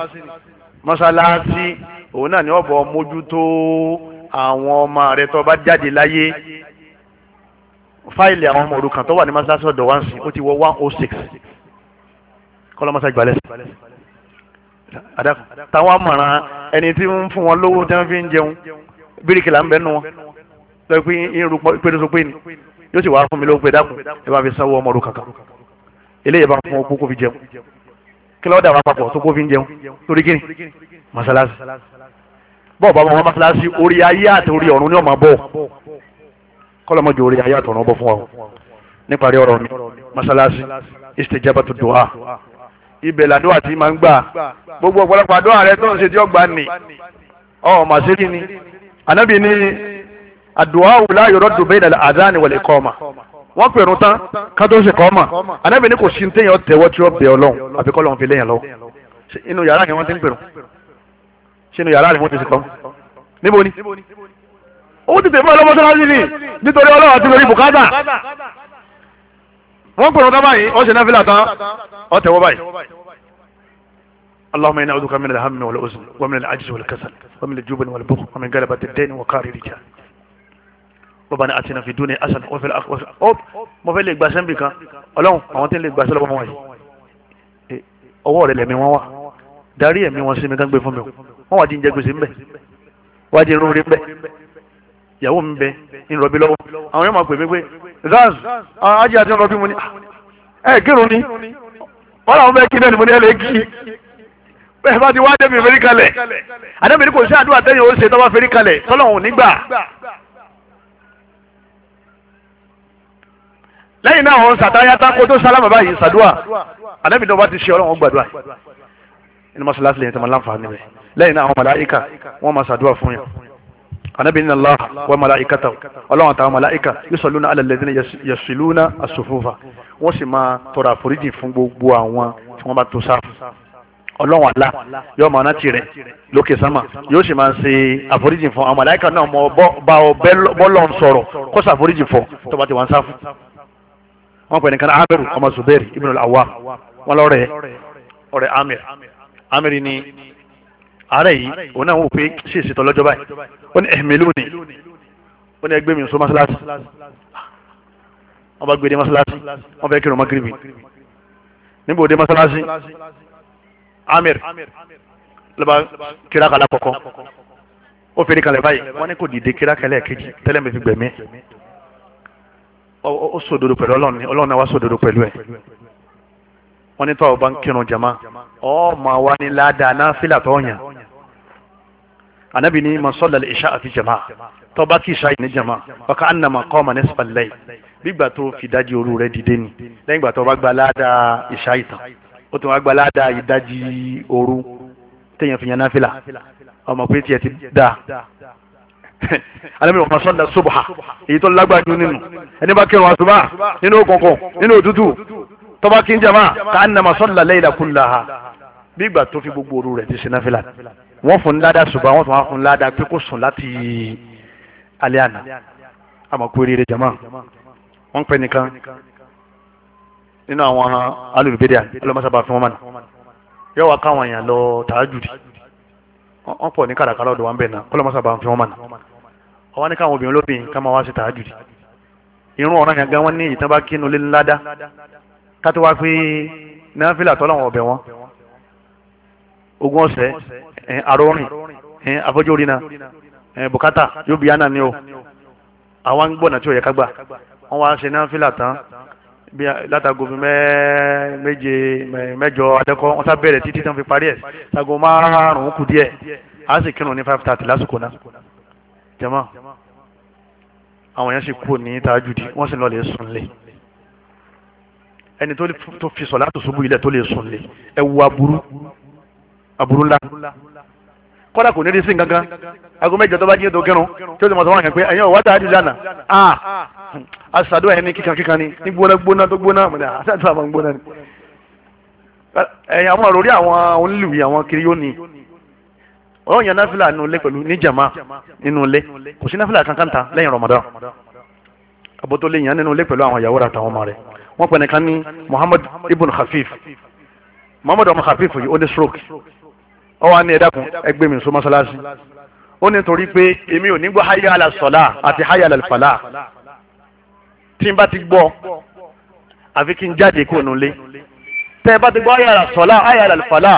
mọ́sálásì òun náà ni ọ̀bọ̀ mójútó àwọn ọmọ rẹ tó bá jáde láyé fáìlì àwọn ọmọ òrukàn tó wà ní masalasi ọ̀dọ̀ wa ń sìn ó ti wọ one oh six kọ́lá masa gbalẹ̀ adakun táwọn amọ̀ràn ẹni tí ń fún wọn lówó tí wọ́n fi ń jẹun bíríkì là ń bẹ́ nu wọn lọ́ọ́ pé irun pẹ́ẹ́nusọ pé ni yóò sì wá fún mi lówó pé dákun ẹ bá fi sanwó ọmọ òrukàn kan eléyìí bá fún ọkọ kó fi jẹun kí lọ́ọ́ dà wá papọ̀ tó kó fi ń jẹun torí kí ni masalasi bọ́ọ̀bù àwọn ọmọ kíláàsì orí ayé àti orí ọ̀run ni ọmọ bọ̀ kọ́lọ́mọdé orí ayé àti ọ̀run bọ̀ fún ọ níparí ọ̀rọ̀ mi masalasi istijabatu du'a ibẹ̀ làdúrà tí máa ń gbà gbogbo ọ̀pọ̀lọpọ̀ àdúrà rẹ tó ń ṣe tí ó gbà ní ọ̀ màsírí ni ànábì ni àdúrà wù la yuraddu bayna al-adhan wal-iqama wọ́n pèrún tán ká tó ṣe kọ́ mà ànábì ni kò sí ní téèyàn tẹ̀wọ́ tí ó bẹ̀ ọlọ́run àbíkọ́ lọ́run fi léyìn lọ inú yàrá yẹn wọ́n ti ń pèrún sínú yàrá rẹ̀ wọ́n ti sìkọ́ níbo ni ó ti tèmi ọlọ́mọ sọ́láṣí ni nítorí ọlọ́wà ti lórí bùkátà wọ́n pèrò tá báyìí ọ̀sẹ̀ náà fìlà tán ọ̀tẹ̀wọ́ báyìí. اللهم انا اعوذ بك من الهم والحزن ومن العجز والكسل ومن الجبن والبخل ومن غلبة الدين وقهر الرجال ربنا اتنا في الدنيا حسنة وفي الاخرة اوب mo fẹ́ lè gbàṣẹ́ nbìkan ọlọ́run àwọn tí ń lè gbàṣẹ́ lọ́wọ́ wọn yìí ọwọ́ rẹ̀ lẹ̀mí wọn wà darí ẹ̀mí wọn sí mi kán gbé fún mi o wọ́n wá di njẹ́ gbèsè ńbẹ̀ wá di irun rí ńbẹ̀ ìyàwó mi bẹ ń rọbí lọ́wọ́ àwọn yẹn máa pè mí pé zaz ajé àti ọlọ́bí mo ní ah, ẹ kírun ni wọ́n làwọn bẹ́ẹ̀ kí náà ni mo ní ẹ lè kí bẹ́ẹ̀ bá ti wá débi ìfẹ́rí kalẹ̀ àdébìrì kò sí àdúrà tẹ́yìn ó ṣe tọ́wọ́ fẹ́rí kalẹ̀ tọ́lọ́hún nígbà lẹ́yìn náà wọ́n sàtáyà tako tó sálámà báyìí sàdúà àdébìrì náà wá ti ṣe ọlọ́run gbàdúrà inú masalasi lẹ́yìn tó máa láǹfààní rẹ̀ lẹ́yìn náà àwọn màláìka wọ́n máa ṣàdúrà fún yàn anabi inna allah wa malaikata ọlọ́run àtàwọn malaika yusalluna ala alladhina yasiluna as-sufufa wọ́n sì máa tọrọ àforíjì fún gbogbo àwọn tí wọ́n bá tó sáfù ọlọ́run àlá yóò máa rántí rẹ̀ lókè sámà yóò sì máa ṣe àforíjì fún àwọn malaika náà mọ bá ọ bọ́lọ̀ ń sọ̀rọ̀ kó ṣàforíjì fún tó bá ti wà ń sáfù wọ́n pè nìkan ọmọ zubairu ibn al-awwa wọn lọ́rẹ̀ ọ̀rẹ́ amir amiri ni àárẹ̀ yìí òun náà wò pé ṣe ìṣètò ọlọ́jọ́ báyìí ó ní ẹ̀mí lónìí ó ní ẹgbẹ́ mi sọ mọ́ṣáláṣí wọ́n bá gbé dé mọ́ṣáláṣí wọ́n fẹ́ kírun mọ́gírìbì níbo dé mọ́ṣáláṣí amir ló bá kíra kàlá kọ̀kọ́ ó fèrè kalẹ̀ báyìí wọ́n ní kò dìde kíra kẹlẹ̀ kejì tẹ́lẹ̀ mi fi gbẹ̀mí ó sòdodo pẹ̀lú ọlọ́run ni ọlọ́run náà wá sòdodo pẹ̀lú ẹ̀ wọ́n ní tọ́wọ́ bá ń kírun jama ọ́ máa wá ní ládàá náà fílà tó yàn anabi ni masola le isha àti jama tọba kì í ṣáà ní jama baka annama qama nisfal layl gbígbà tó fi dájí òru rẹ̀ dìde ni lẹ́yìn ìgbà tó bá gba ládàá isha ìtàn ó tún wá gba ládàá ìdájí òru téèyàn fi yan náà fílà ọmọ pé tiẹ̀ ti dáa alamina ọmọ sọlá subha èyí tó lágbára nínú ẹni bá kírun àsùbá nínú òkùnkùn nínú òtútù tọ́ba kí n jẹ́ máa ká ń nàmà sọ́dọ̀ lẹ́yìn ha bí ìgbà tó fi gbogbo òru rẹ̀ ti ṣe náfìlà wọ́n fún un ládàá ṣùgbọ́n wọ́n tún wá fún un ládàá pé kó sùn láti alẹ́ àná àmọ̀kú eré jama wọ́n ń pẹ́ nìkan nínú àwọn alùpùpẹ́dẹ́ ọlọ́mọsábà fún wọn mọ̀nà yóò wá káwọn èèyàn lọ tààjùdì wọ́n pọ̀ ní kàràkàrà ọ̀dọ̀ wọn bẹ̀ náà ọlọ́mọsábà fún wọn mọ̀nà ọwọ́ ní káwọn obìnrin olóbìnrin ká máa wá sí tààjùdì irun ọ̀ràn yẹn gan wọ́n ní ìtàn bá kínú lé ńlá dá kátó wá pé náfìlà tọ́lọ́wọ̀n ọ̀bẹ wọn ogún ọ̀sẹ̀ àròrìn àfojórìnà bùkátà yóò bí yánà ni o àwọn gbọ́nà tí ò yẹ ká gbà wọ́n wá ṣe náfìlà tán bí látago méje mẹ́jọ adẹ́kọ́ wọ́n sá bẹ̀rẹ̀ títí tán fi parí ẹ̀ sago márùn-ún kù díẹ̀ a sì kírun ní five thirty lásìkò náà jẹ́mọ́ àwọn yẹn sì kú ní tájúdì wọ́n sì lọ lè sùn lé ẹni tó fi sọ̀lá tó ṣubú ilẹ̀ tó lè sùn lé ẹ wo aburú aburú ńlá kọ́dà kò ní rí sí nǹkankan aago mẹ́jọ tó bá jí ètò kẹrùn tí ti mọ̀ sọ́wọ́n yẹn pé ẹ̀yin ọ̀wá tààdì lánàá ah àṣàdó ẹni kíkan kíkan ni ní gbóná gbóná tó gbóná mọ̀lẹ́ àṣàdó àwọn gbóná ni ẹ̀yin àwọn àròrí àwọn onílùwì àwọn kiri yóò ní ọ̀rọ̀ yẹn náfìlà nínú ilé pẹ̀lú ní jàmá nínú ilé kò sí náfìlà kankan ta lẹ́yìn Ramadan abótó lè yàn nínú ilé pẹ̀lú àwọn ìyàwó rẹ̀ àtàwọn ọmọ rẹ̀ wọ́n pẹ̀lú kan ní Muhammad ibn Khafif Muhammad ọmọ Khafif yìí ó ní stroke ó wà ní ẹ̀dákun ẹgbẹ́ mi sọ mọ́sálásí ó ní torí pé èmi ò ní gbọ́ hayya ala sọ̀lá àti hayya ala tí n bá ti gbọ́ àfi kí n jáde kó nu lé tẹ́ ẹ bá ti gbọ́ hayya ala sọ̀lá hayya ala fàlà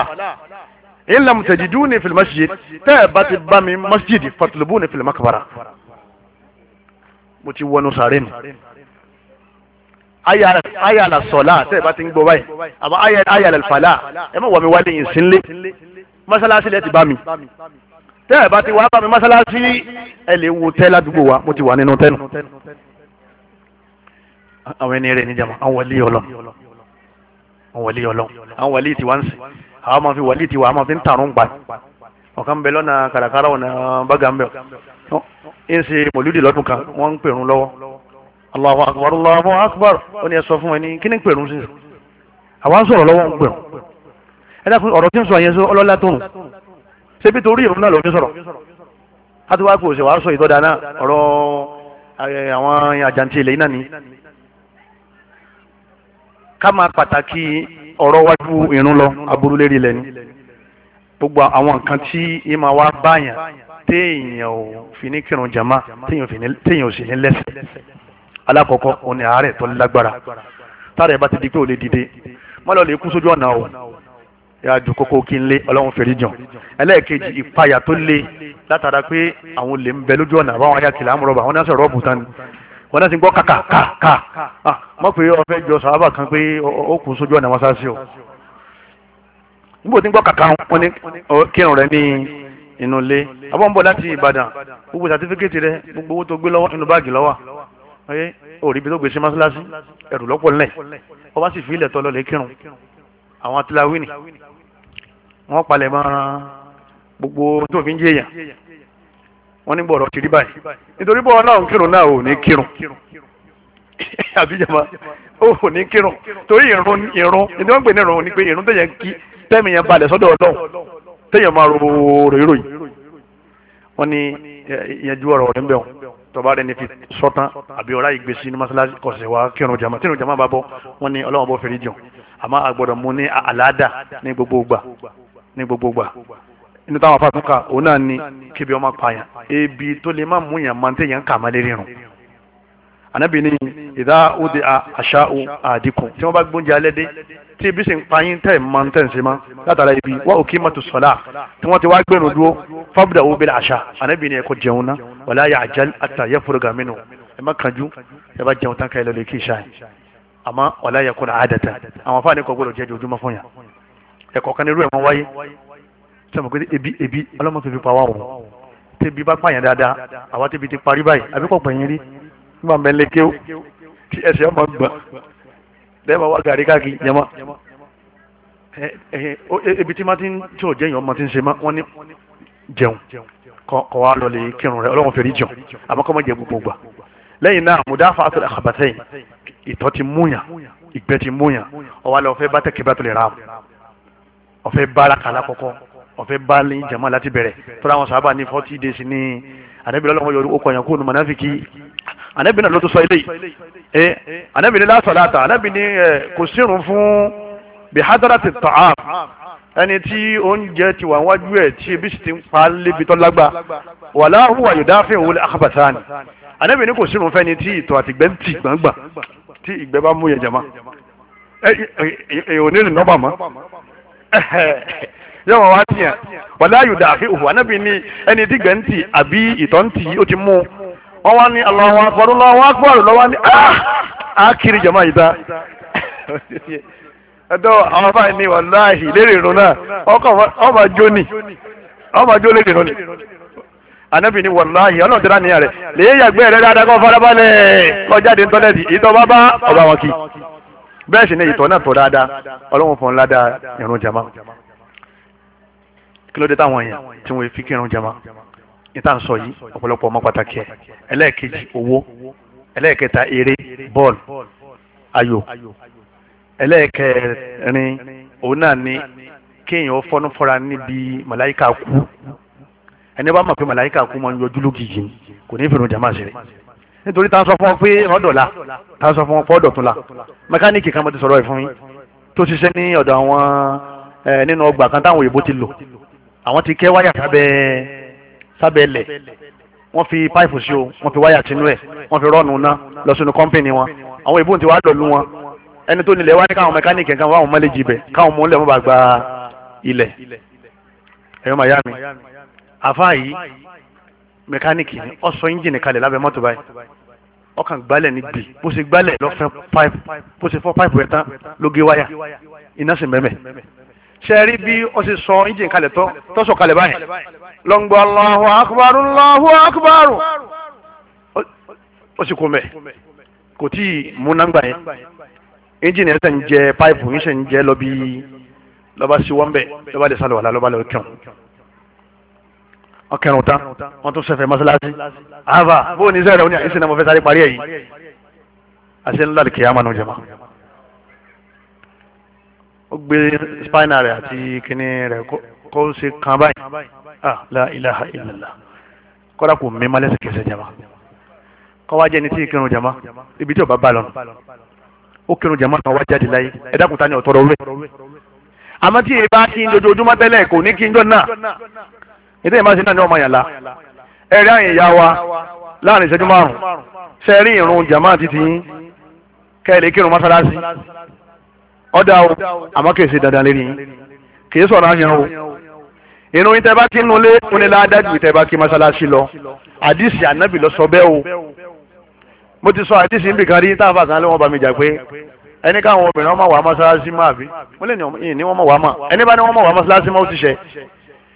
in lam tajiduni fil masjid ẹ bá ti bá mi masjid fatlubuni fil makbara mo ti wọnú sàrénu ayala sọlá tẹ́ ẹ bá ti ń gbọ́ báyìí àmọ́ ayala fàlà ẹ má wà mí wálé yìí sínlé mọ́sálásí lẹ́ẹ̀ ti bá mi tẹ́ ẹ bá ti wá bá mi mọ́sálásí ẹ lè wo tẹ́ ládùúgbò wa mo ti wà nínú tẹ́nu àwọn ẹni rẹ̀ níjàmọ́ àwọn wọlé ọlọ́ àwọn wọlé ọlọ́ àwọn wọlé tiwa ń sìn àwọn máa fi wọlé tiwa àwọn máa fi ń tàrún gbà ọ̀kan bẹ lọ́nà kàràkàrà ọ̀nà bàgà ń bẹ̀ ń ṣe mọ̀lúdì lọ́dún kan wọ́n ń pèrún Allahu akbar Allahu akbar ó ní ẹ sọ fún ẹ ní kí ni pẹ̀lú sí àwọn sọ̀rọ̀ lọ́wọ́ ń pẹ̀lú ẹ dákun ọ̀rọ̀ tí ń sọ yẹn sọ ọlọ́lá tó nù ṣébi torí ìrún náà ló fi sọ̀rọ̀ láti wá kó o ṣe wàá sọ ìtọ́da náà ọ̀rọ̀ àwọn àjàǹtí ilẹ̀ náà ni ká máa pàtàkì ọ̀rọ̀ wájú ìrún lọ aburú lérí ilẹ̀ ni gbogbo àwọn nǹkan tí ìmọ̀ wa báyàn téèyàn ò fi ní kírun jàmá téèyàn ò sì ní lẹ́sẹ̀ alákọ̀ọ́kọ́ òun ni àárẹ̀ tó lágbára tára ẹ̀ bá ti di pé ò lè dìde má lọ lè kú sójú ọ̀nà o yàjú kókó kí n lé ọlọ́run fèrè jàn ẹlẹ́ẹ̀kejì ìpayà tó lé látara pé àwọn olè ń bẹ lójú ọ̀nà àbáwọn ayákìlá àmúrọ̀bà àwọn náà sọ̀rọ̀ ọ̀bùn tán ni wọn náà ti ń gbọ́ kàkà kàkà mọ̀ pé ó fẹ́ jọ sàábà kan pé ó kù sójú ọ̀nà mọ́sáàsì o níbo tí ń gbọ́ kàkà wọn ni kírun rẹ ní inú ilé abọ́ ń bọ̀ láti Ìbàdàn gbogbo sàtífíkẹ́tì rẹ gbogbo owó tó gbé lọ́wọ́ inú báàgì lọ́wọ́ ẹ òrí bí tó gbèsè mọ́sálásí ẹ̀rù lọ́pọ̀ ńlẹ̀ wọ́n bá sì fi ilẹ̀ tọ́lọ́ lè kírun àwọn atiláwìnì wọ́n palẹ̀ mọ́ gbogbo tó fi ń jẹ́ èèyàn wọ́n ní bọ̀rọ̀ ti rí báyìí nítorí bọ́ọ̀ náà ń kírun náà ò ní kírun àbíjàmá ó ò ní kírun torí ìrun ìrun ìdí wọ́n ń ní ìrun ni pé ìrun tẹ̀yẹ̀ kí tẹ́mi yẹn balẹ̀ sọ́dọ̀ ọlọ́run tẹ̀yẹ̀ máa ro èrò yìí wọ́n ní ìyẹn ju ọ̀rọ̀ rẹ̀ ń bẹ̀ wọn tọba rẹ ní fi sọtán àbí ọ̀rá ìgbésí ní masalasi kọ̀sẹ̀ wa kírun jama tírun jama bá bọ́ wọn ni ọlọ́wọ́n bọ́ fèrè jọ àmọ́ àgbọ̀dọ̀ mú ní àlàáda ní gbogbo gbà ní gbogbo gbà inú táwọn afáàtúnkà òun náà ni kébi ọmọ pààyàn ebi tó lè má mú yàn máa ń tẹ̀yàn kà má lé rírun anabi ni ìdá òde àṣàù àdìkùn tí wọn bá gbóúnjẹ alẹ́ dé tí ibi sì ń pa yín tẹ̀ mọ́ ń tẹ̀sí mọ́ látara ibi wá òkè mọ́tò sọ̀lá tí wọ́n ti wá gbẹ̀rù dúró fábùdà owó bẹ̀rẹ̀ àṣà anabi ni ẹ̀kọ́ jẹun ná wàlá yà àjà àtàyẹ fúrugà mínú ẹ má kanjú ẹ bá jẹun tán ká ẹ lọ lè kí ìṣá yìí àmọ́ wàlá yà kúrò àádẹ́ta àwọn afáàní kò gbọdọ̀ jẹ́ jojúmọ́ fún yà ẹ̀kọ́ kan irú ẹ̀ mọ́ wáyé sọmọ pé ebi ebi máa mẹ́lẹ̀ kéw tí ẹsẹ̀ ọmọ gbọ̀n lẹ́yìn máa wá gàrí káàkiri yẹmọ ebi tí máa ti ń tí ò jẹ́yìn ọmọ ti ń ṣe máa wọ́n ní jẹun kọ́ wa lọ lè kírun rẹ̀ ọlọ́run fèrè jẹun àmọ́ kọ́ mọ́ jẹ gbogbo gbà lẹ́yìn náà mùdáfà àti àkàbàtẹ́yìn ìtọ́ ti múyàn ìgbẹ́ ti múyàn ọwọ́ alẹ́ ọ̀fẹ́ bá tẹ̀kẹ́ bá tó lè ra ọ̀fẹ́ bára kàlá kọ́kọ́ ọ̀fẹ́ bá lè jẹ̀mọ́ láti bẹ̀rẹ̀ tó láwọn sábà ní forty days ní àdébìlọ́lọ́wọ́ yọ okòyàn kó nu mọ̀náfíkì anabi náà ló tún sọ eléyìí ẹ anabi ní lásọláta anabi ní ẹ kò sírun fún bihadarati ta'am ẹni tí oúnjẹ ti wà wájú ẹ tí ebi sì ti ń pa lébi tó lágbá wàlá huwa yudafi'u wọlé akabatani anabi ní kò sírun fẹ́ni tí ìtọ̀ àtìgbẹ́ ń tì gbàngbà tí ìgbẹ́ bá mú yẹn jama ẹ ẹ ò ní rìn nọ́bà mọ́ yọ̀wọ̀ wá tiẹ̀ wàlá yudafi'u anabi ní ẹni tí gbẹ́ ń tì àbí ìtọ̀ ń tì ó ti mú wọ́n ni ní Allahu akbar Allahu akbar lọ́wọ́ ah, a ákiri jama yìí ta ẹ̀dọ́ àwọn afáàní ní wàláhì lérè irun náà wọ́n máa jó jó lérè irun anabi ni wàláhì ọlọ́run ti rá nìyà lèyìn yàgbẹ́ rẹ̀ dáadáa kọ́ farabalẹ̀ kọjáde ọba ni ìtọ́ náà tọ́ dáadáa ọlọ́run fún jama kí ló dé táwọn yẹn tí jama. níta ń sọ yìí ọ̀pọ̀lọpọ̀ ọmọ pàtàkì ẹ̀ ẹlẹ́ẹ̀kejì owó ẹlẹ́ẹ̀kẹta eré bọ́ọ̀lù ayò ẹlẹ́ẹ̀kẹrin òun náà ni kéèyàn ó fọ́nú fọ́ra níbi màláìka kú ẹni bá mọ̀ pé màláìka kú máa ń yọjú lógìjì kò ní fìrùn jàmáà ṣeré nítorí tá a sọ fún ọ pé ọ̀dọ̀la tá a sọ fún ọ pé ọ̀dọ̀túnla mẹkáníìkì kan mo ti sọ̀rọ̀ ẹ̀ fún yín tó ṣiṣẹ́ ní ọ̀dọ̀ àwọn nínú ọgbà kan táwọn òyìnbó ti lò àwọn ti kẹ́ wáyà sábẹ́ sábẹ́lẹ̀ wọ́n fi páìpù sí o wọ́n fi wáyà sínú ẹ̀ wọ́n fi rọ́ọ̀nù ná lọ sínú kọ́ńpìnì wọn àwọn ìbùn ti wá lọ lú wọn ẹni tó nílẹ̀ wá ní káwọn mẹkáníìkì kan fáwọn mọ́lẹ́jì ibẹ̀ káwọn mú lẹ̀ bá gba ilẹ̀ ẹ̀rọ màyá mi yìí mẹkáníìkì ni ó sọ ẹ́ńjìnì kalẹ̀ lábẹ́ mọ́tò báyìí ó kàn gbálẹ̀ ní bì bó ṣe gbálẹ̀ lọ fẹ́ páìpù bó ṣe fọ́ páìpù ẹ̀ tán ló gé wáyà iná sì mẹ́mẹ́ sẹ́rí bí ó ṣe sọ engine kalẹ̀ tọ́ tó sọ kalẹ̀ báyìí lọ́ngbọ́n Allahu akbar Allahu akbar ó sì kó mẹ́ kò tí ì múnágbà yẹn engine yẹn ṣe ń jẹ pipe yẹn ṣe ń jẹ lọ bí lọ́ba sí wọ́n bẹ̀ lọ́ba lè sálọ wàlá lọ́ba lè kẹun wọn kẹrun tán wọn tún sẹfẹ mọ́sálásí àbá bóun ní sẹ́rẹ̀ wọn ni àyè sinamọ́fẹ́ sáré parí ẹ̀ yìí àṣẹ ńlá lè kéèyàn kó gbé spinal rẹ̀ àti kíní rẹ̀ kó ṣe kan báyìí ah la ilaha illallah kọ́ra kò mímọ́ lẹ́sẹ̀kẹsẹ̀ jama kọ́ wá jẹ́ ni tí ìkírun jama ibi tí ò bá bá lọ́nà ó kírun jama kan wá jáde láyé ẹ̀dá kùtà ni ọ̀tọ̀rọ̀ wẹ̀ àmọ́ tí èyí bá kí n dojoojúmọ́ tẹ́lẹ̀ kò ní kí n jọ náà ètò ìmọ̀ọ́sẹ̀ náà ni ọmọ yàrá ẹ̀rí àyìn ìyá wa láàrin ìṣẹ́jú márùn-ún ṣe ìrun jama títí kẹ́ẹ̀lé kírun mọ́sálásí ọ̀dà o àmọ́ kìí ṣe dandan lérí kìí sọ̀rọ̀ àyàn o inú yín tẹ́ bá ti nulẹ̀ onílàádájú tẹ́ bá ti masalasi lọ àdìsí ànábì lọ sọ bẹ́ẹ̀ o mo ti sọ àdìsí nbìkan rí táwọn fàṣán lé wọn bá mi jà pé ẹni káwọn obìnrin wọn máa wà masalasi máa bí mo lè ní wọn máa wà máa ẹni bá ní wọn máa wà masalasi máa ó ti ṣe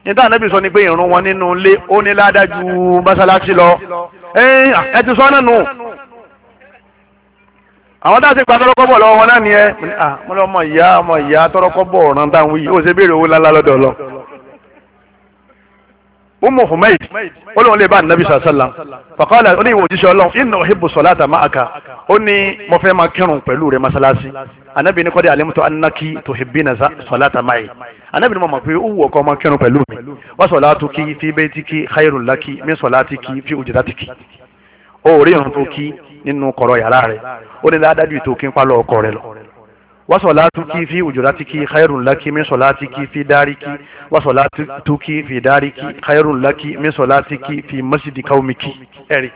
níta ànábì sọ ni pé ìrun wọn nínú ilé onílàádájú masalasi lọ ẹ ẹ ti sọ náà nù àwọn tá a ti gba tọrọkọ́bọ̀ lọ́wọ́ wọn náà nìyẹn mo lọ ọmọ ìyá ọmọ ìyá tọrọkọ́bọ̀ ọ̀ràn dáhùn yìí ó ṣe béèrè owó ńláńlá lọ́dọ̀ lọ. umu humaid ó lóun lè bá anabi sàṣàlá fàkọ́lá ó ní ìwò òjíṣẹ́ ọlọ́run inna uhibbu salata ma'aka ó ní mo fẹ́ máa kírun pẹ̀lú rẹ masalasi anabi ní kọ́dé alimutu anaki tuhibbina salata ma'i anabi ní mo mọ̀ pé ó wù ọkọ máa kírun pẹ̀lú mi wa salatuki fi baytiki khairul laki min salatiki fi ujratiki ó rí irun tó kí nínú kọ̀rọ̀ yàrá rẹ̀ ó ní ládájú ètò kí n pa lọ ọkọ rẹ̀ lọ. wa salatuki fi ujratiki khairun laki min salatiki fi dariki wa salatuki fi dariki khairun laki min salatiki fi masjidi qaumiki ẹ̀rí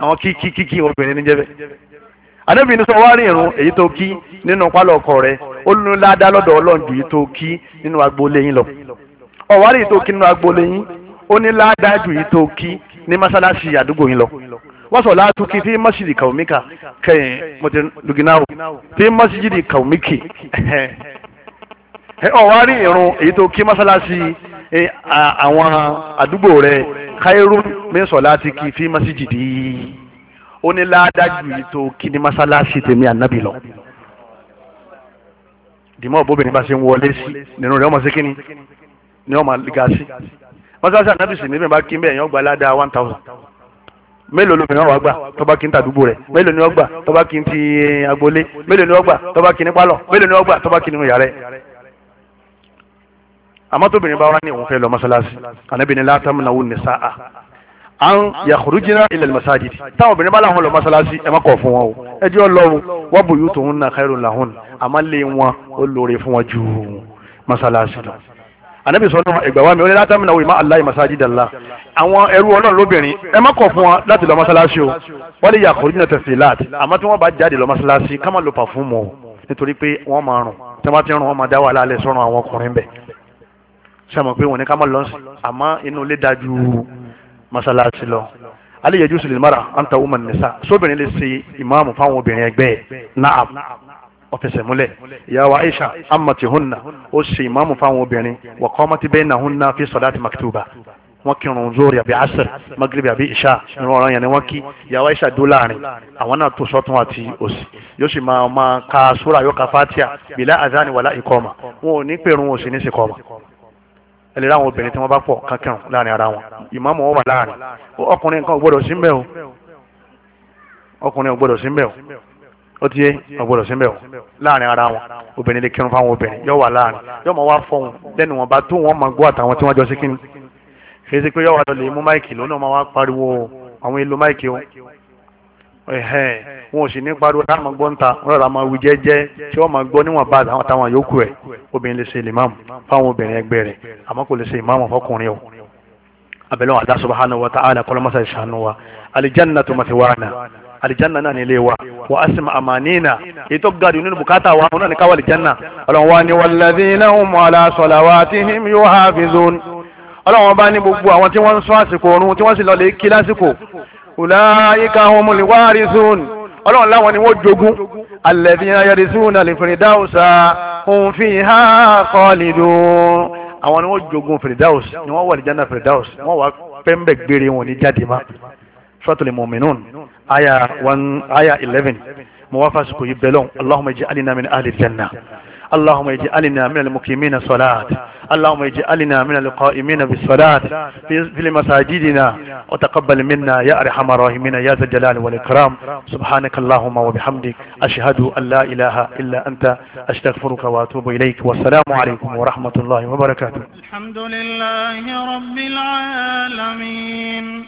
àwọn kí kí kí kí obìnrin níjẹ́ bẹ́ẹ̀. Ànábì ní sọ wá rí irun èyí tó kí nínú pálọ̀ ọkọ rẹ̀ ó ní ládá lọ́dọ̀ Ọlọ́run ju èyí kí nínú wọ́sọ̀ látúkì fi masjidi kàwmíkà kẹ́yìn mọ̀tẹ́lùgínáwó fi masjidi kàwmíkì ẹ ọ wá rí irun èyí tó kí mọ́sálásí àwọn e, àdúgbò rẹ káírú mẹ́sàn láti kí fi masjidi ó ní ládájú èyí tó kí ní mọ́sálásí tèmi ànábì lọ. dìmọ́ òbóbìnrin bá ṣe ń wọlé sí nínú rẹ̀ ọmọ sí kínní ni ọmọ ga sí mọ́sálásí ànábì sì níbẹ̀ bá kí bẹ́ẹ̀ yẹn ó gba ládàá one thousand mélòó lómìnira wà gbà tọba kí n tàdúgbò rẹ mélòó ni wọ́n gbà tọba kí n ti eh, agboolé mélòó ni wọ́n gbà tọba kí n palọ mélòó ni wọ́n gbà tọba kí n yàrá ẹ. àmọ́ tóbìnrin bá wà ní òun fẹ́ lọ mọ́sálásí ànábìíní látàmú náà wù ní sáà an yakhrujna ila almasajid táwọn obìnrin bá láwọn lọ mọ́sálásí ẹ má kọ̀ fún wọn o ẹ jẹ́ ọlọ́run wa buyutuhunna khairun lahun àmọ́ lé wọn ó lóore fún wọn ju mọ́sálásí lọ anabi sọnù ìgbàwá mi ó ní látàmì náà wò má aláì masajidallah àwọn ẹrú ọlọ́run lóbìnrin ẹ má kọ̀ fún wa láti lọ mọ́sálásí o wọ́n lè yàkọ̀ orí nàtẹ̀ fìlà àmọ́ tí wọ́n bá jáde lọ mọ́sálásí ká má lo pàfúmù o nítorí pé wọ́n máa rùn tí wọ́n ti rùn wọ́n máa dá wàhálà alẹ́ sọ́run àwọn ọkùnrin bẹ̀ ṣe mọ̀ pé wọ́n ní ká má lọ́sìn àmọ́ inú ilé dájú mọ́sálásí lọ alẹ́ yẹjú sùlẹ̀ mara anta woman nisa sóbìnrin lè ṣe ìmáàmù fáwọn obìnrin ẹgbẹ́ náà ó fẹsẹ̀ múlẹ̀ ìyàwó Aisha amati hunna ó sì ìmáàmù fáwọn obìnrin wa qamati bayna hunna fi salati maktuba wọ́n kírun zori àbí asr magrebi àbí isha ìrún ọ̀ràn yẹn ni wọ́n kí ìyàwó Aisha dó láàrin àwọn náà tó sọ́tún àti òsì yóò sì máa máa ka sura yóò ka fatia bila azani wala ikoma wọn ò ní pèrún òsì ní sikọ́mà ẹlẹ́ láwọn obìnrin tí wọ́n bá pọ̀ kankan láàrin ara wọn ìmáàmù wọn wà láàrin ọkùnrin kan ò sí mbẹ́ o ọkùnrin ò sí mbẹ́ o ó ti yé ọ̀gbọ́dọ̀ síbẹ̀ o láàrin ara wọn obìnrin lè kírun fáwọn obìnrin yóò wà láàrin yóò mọ wá fọhùn lẹ́nu wọn bá tó wọn máa gbọ́ àtàwọn tí wọ́n jọ sí kíni kì í ṣe pé yóò wá lọ lè mú máìkì lónà máa wá pariwo àwọn èlò máìkì o ẹ̀hẹ́n wọn ò sì ní pariwo láti máa gbọ́ níta wọn rọra máa wí jẹ́jẹ́ tí wọ́n máa gbọ́ níwọ̀n bá àwọn táwọn yòókù ẹ̀ obìnrin lè ṣe ìmáàmù fáwọn obìnrin ẹgbẹ́ rẹ̀ àmọ́ kò lè ṣe ìmáàmù fọkùnrin o abẹ́lẹ́ wọn Allah subhanahu wa ta'ala kọ́lọ́mọ́sá ìṣàánú wa aljannatu mathwana alijanna náà nílé wa wa asima amanina ètò gàdú nínú bùkátà wa ọ̀nà ní káwá alijanna. ọlọ́run wa ni walladhina hum ala salawatihim yuhafizun. ọlọ́run bá ní gbogbo àwọn tí wọ́n ń sọ àsìkò oorun tí wọ́n sì lọ lè kí lásìkò. ulaika humul warithun. ọlọ́run láwọn ni wọ́n jogún. alladhina yarithuna al-firdawsa hum fiha khalidun. àwọn ni wọ́n jogún firdaus ni wọ́n wà alijanna firdaus wọ́n wà pẹ́ńbẹ̀ gbére wọn ní jáde má. suratul mu'minun آية 1 آية 11 موافق يبلون اللهم اجعلنا من أهل الجنة اللهم اجعلنا من المقيمين الصلاة اللهم اجعلنا من القائمين بالصلاة في المساجدنا وتقبل منا يا أرحم الراحمين يا ذا الجلال والإكرام سبحانك اللهم وبحمدك أشهد أن لا إله إلا أنت أستغفرك وأتوب إليك والسلام عليكم ورحمة الله وبركاته الحمد لله رب العالمين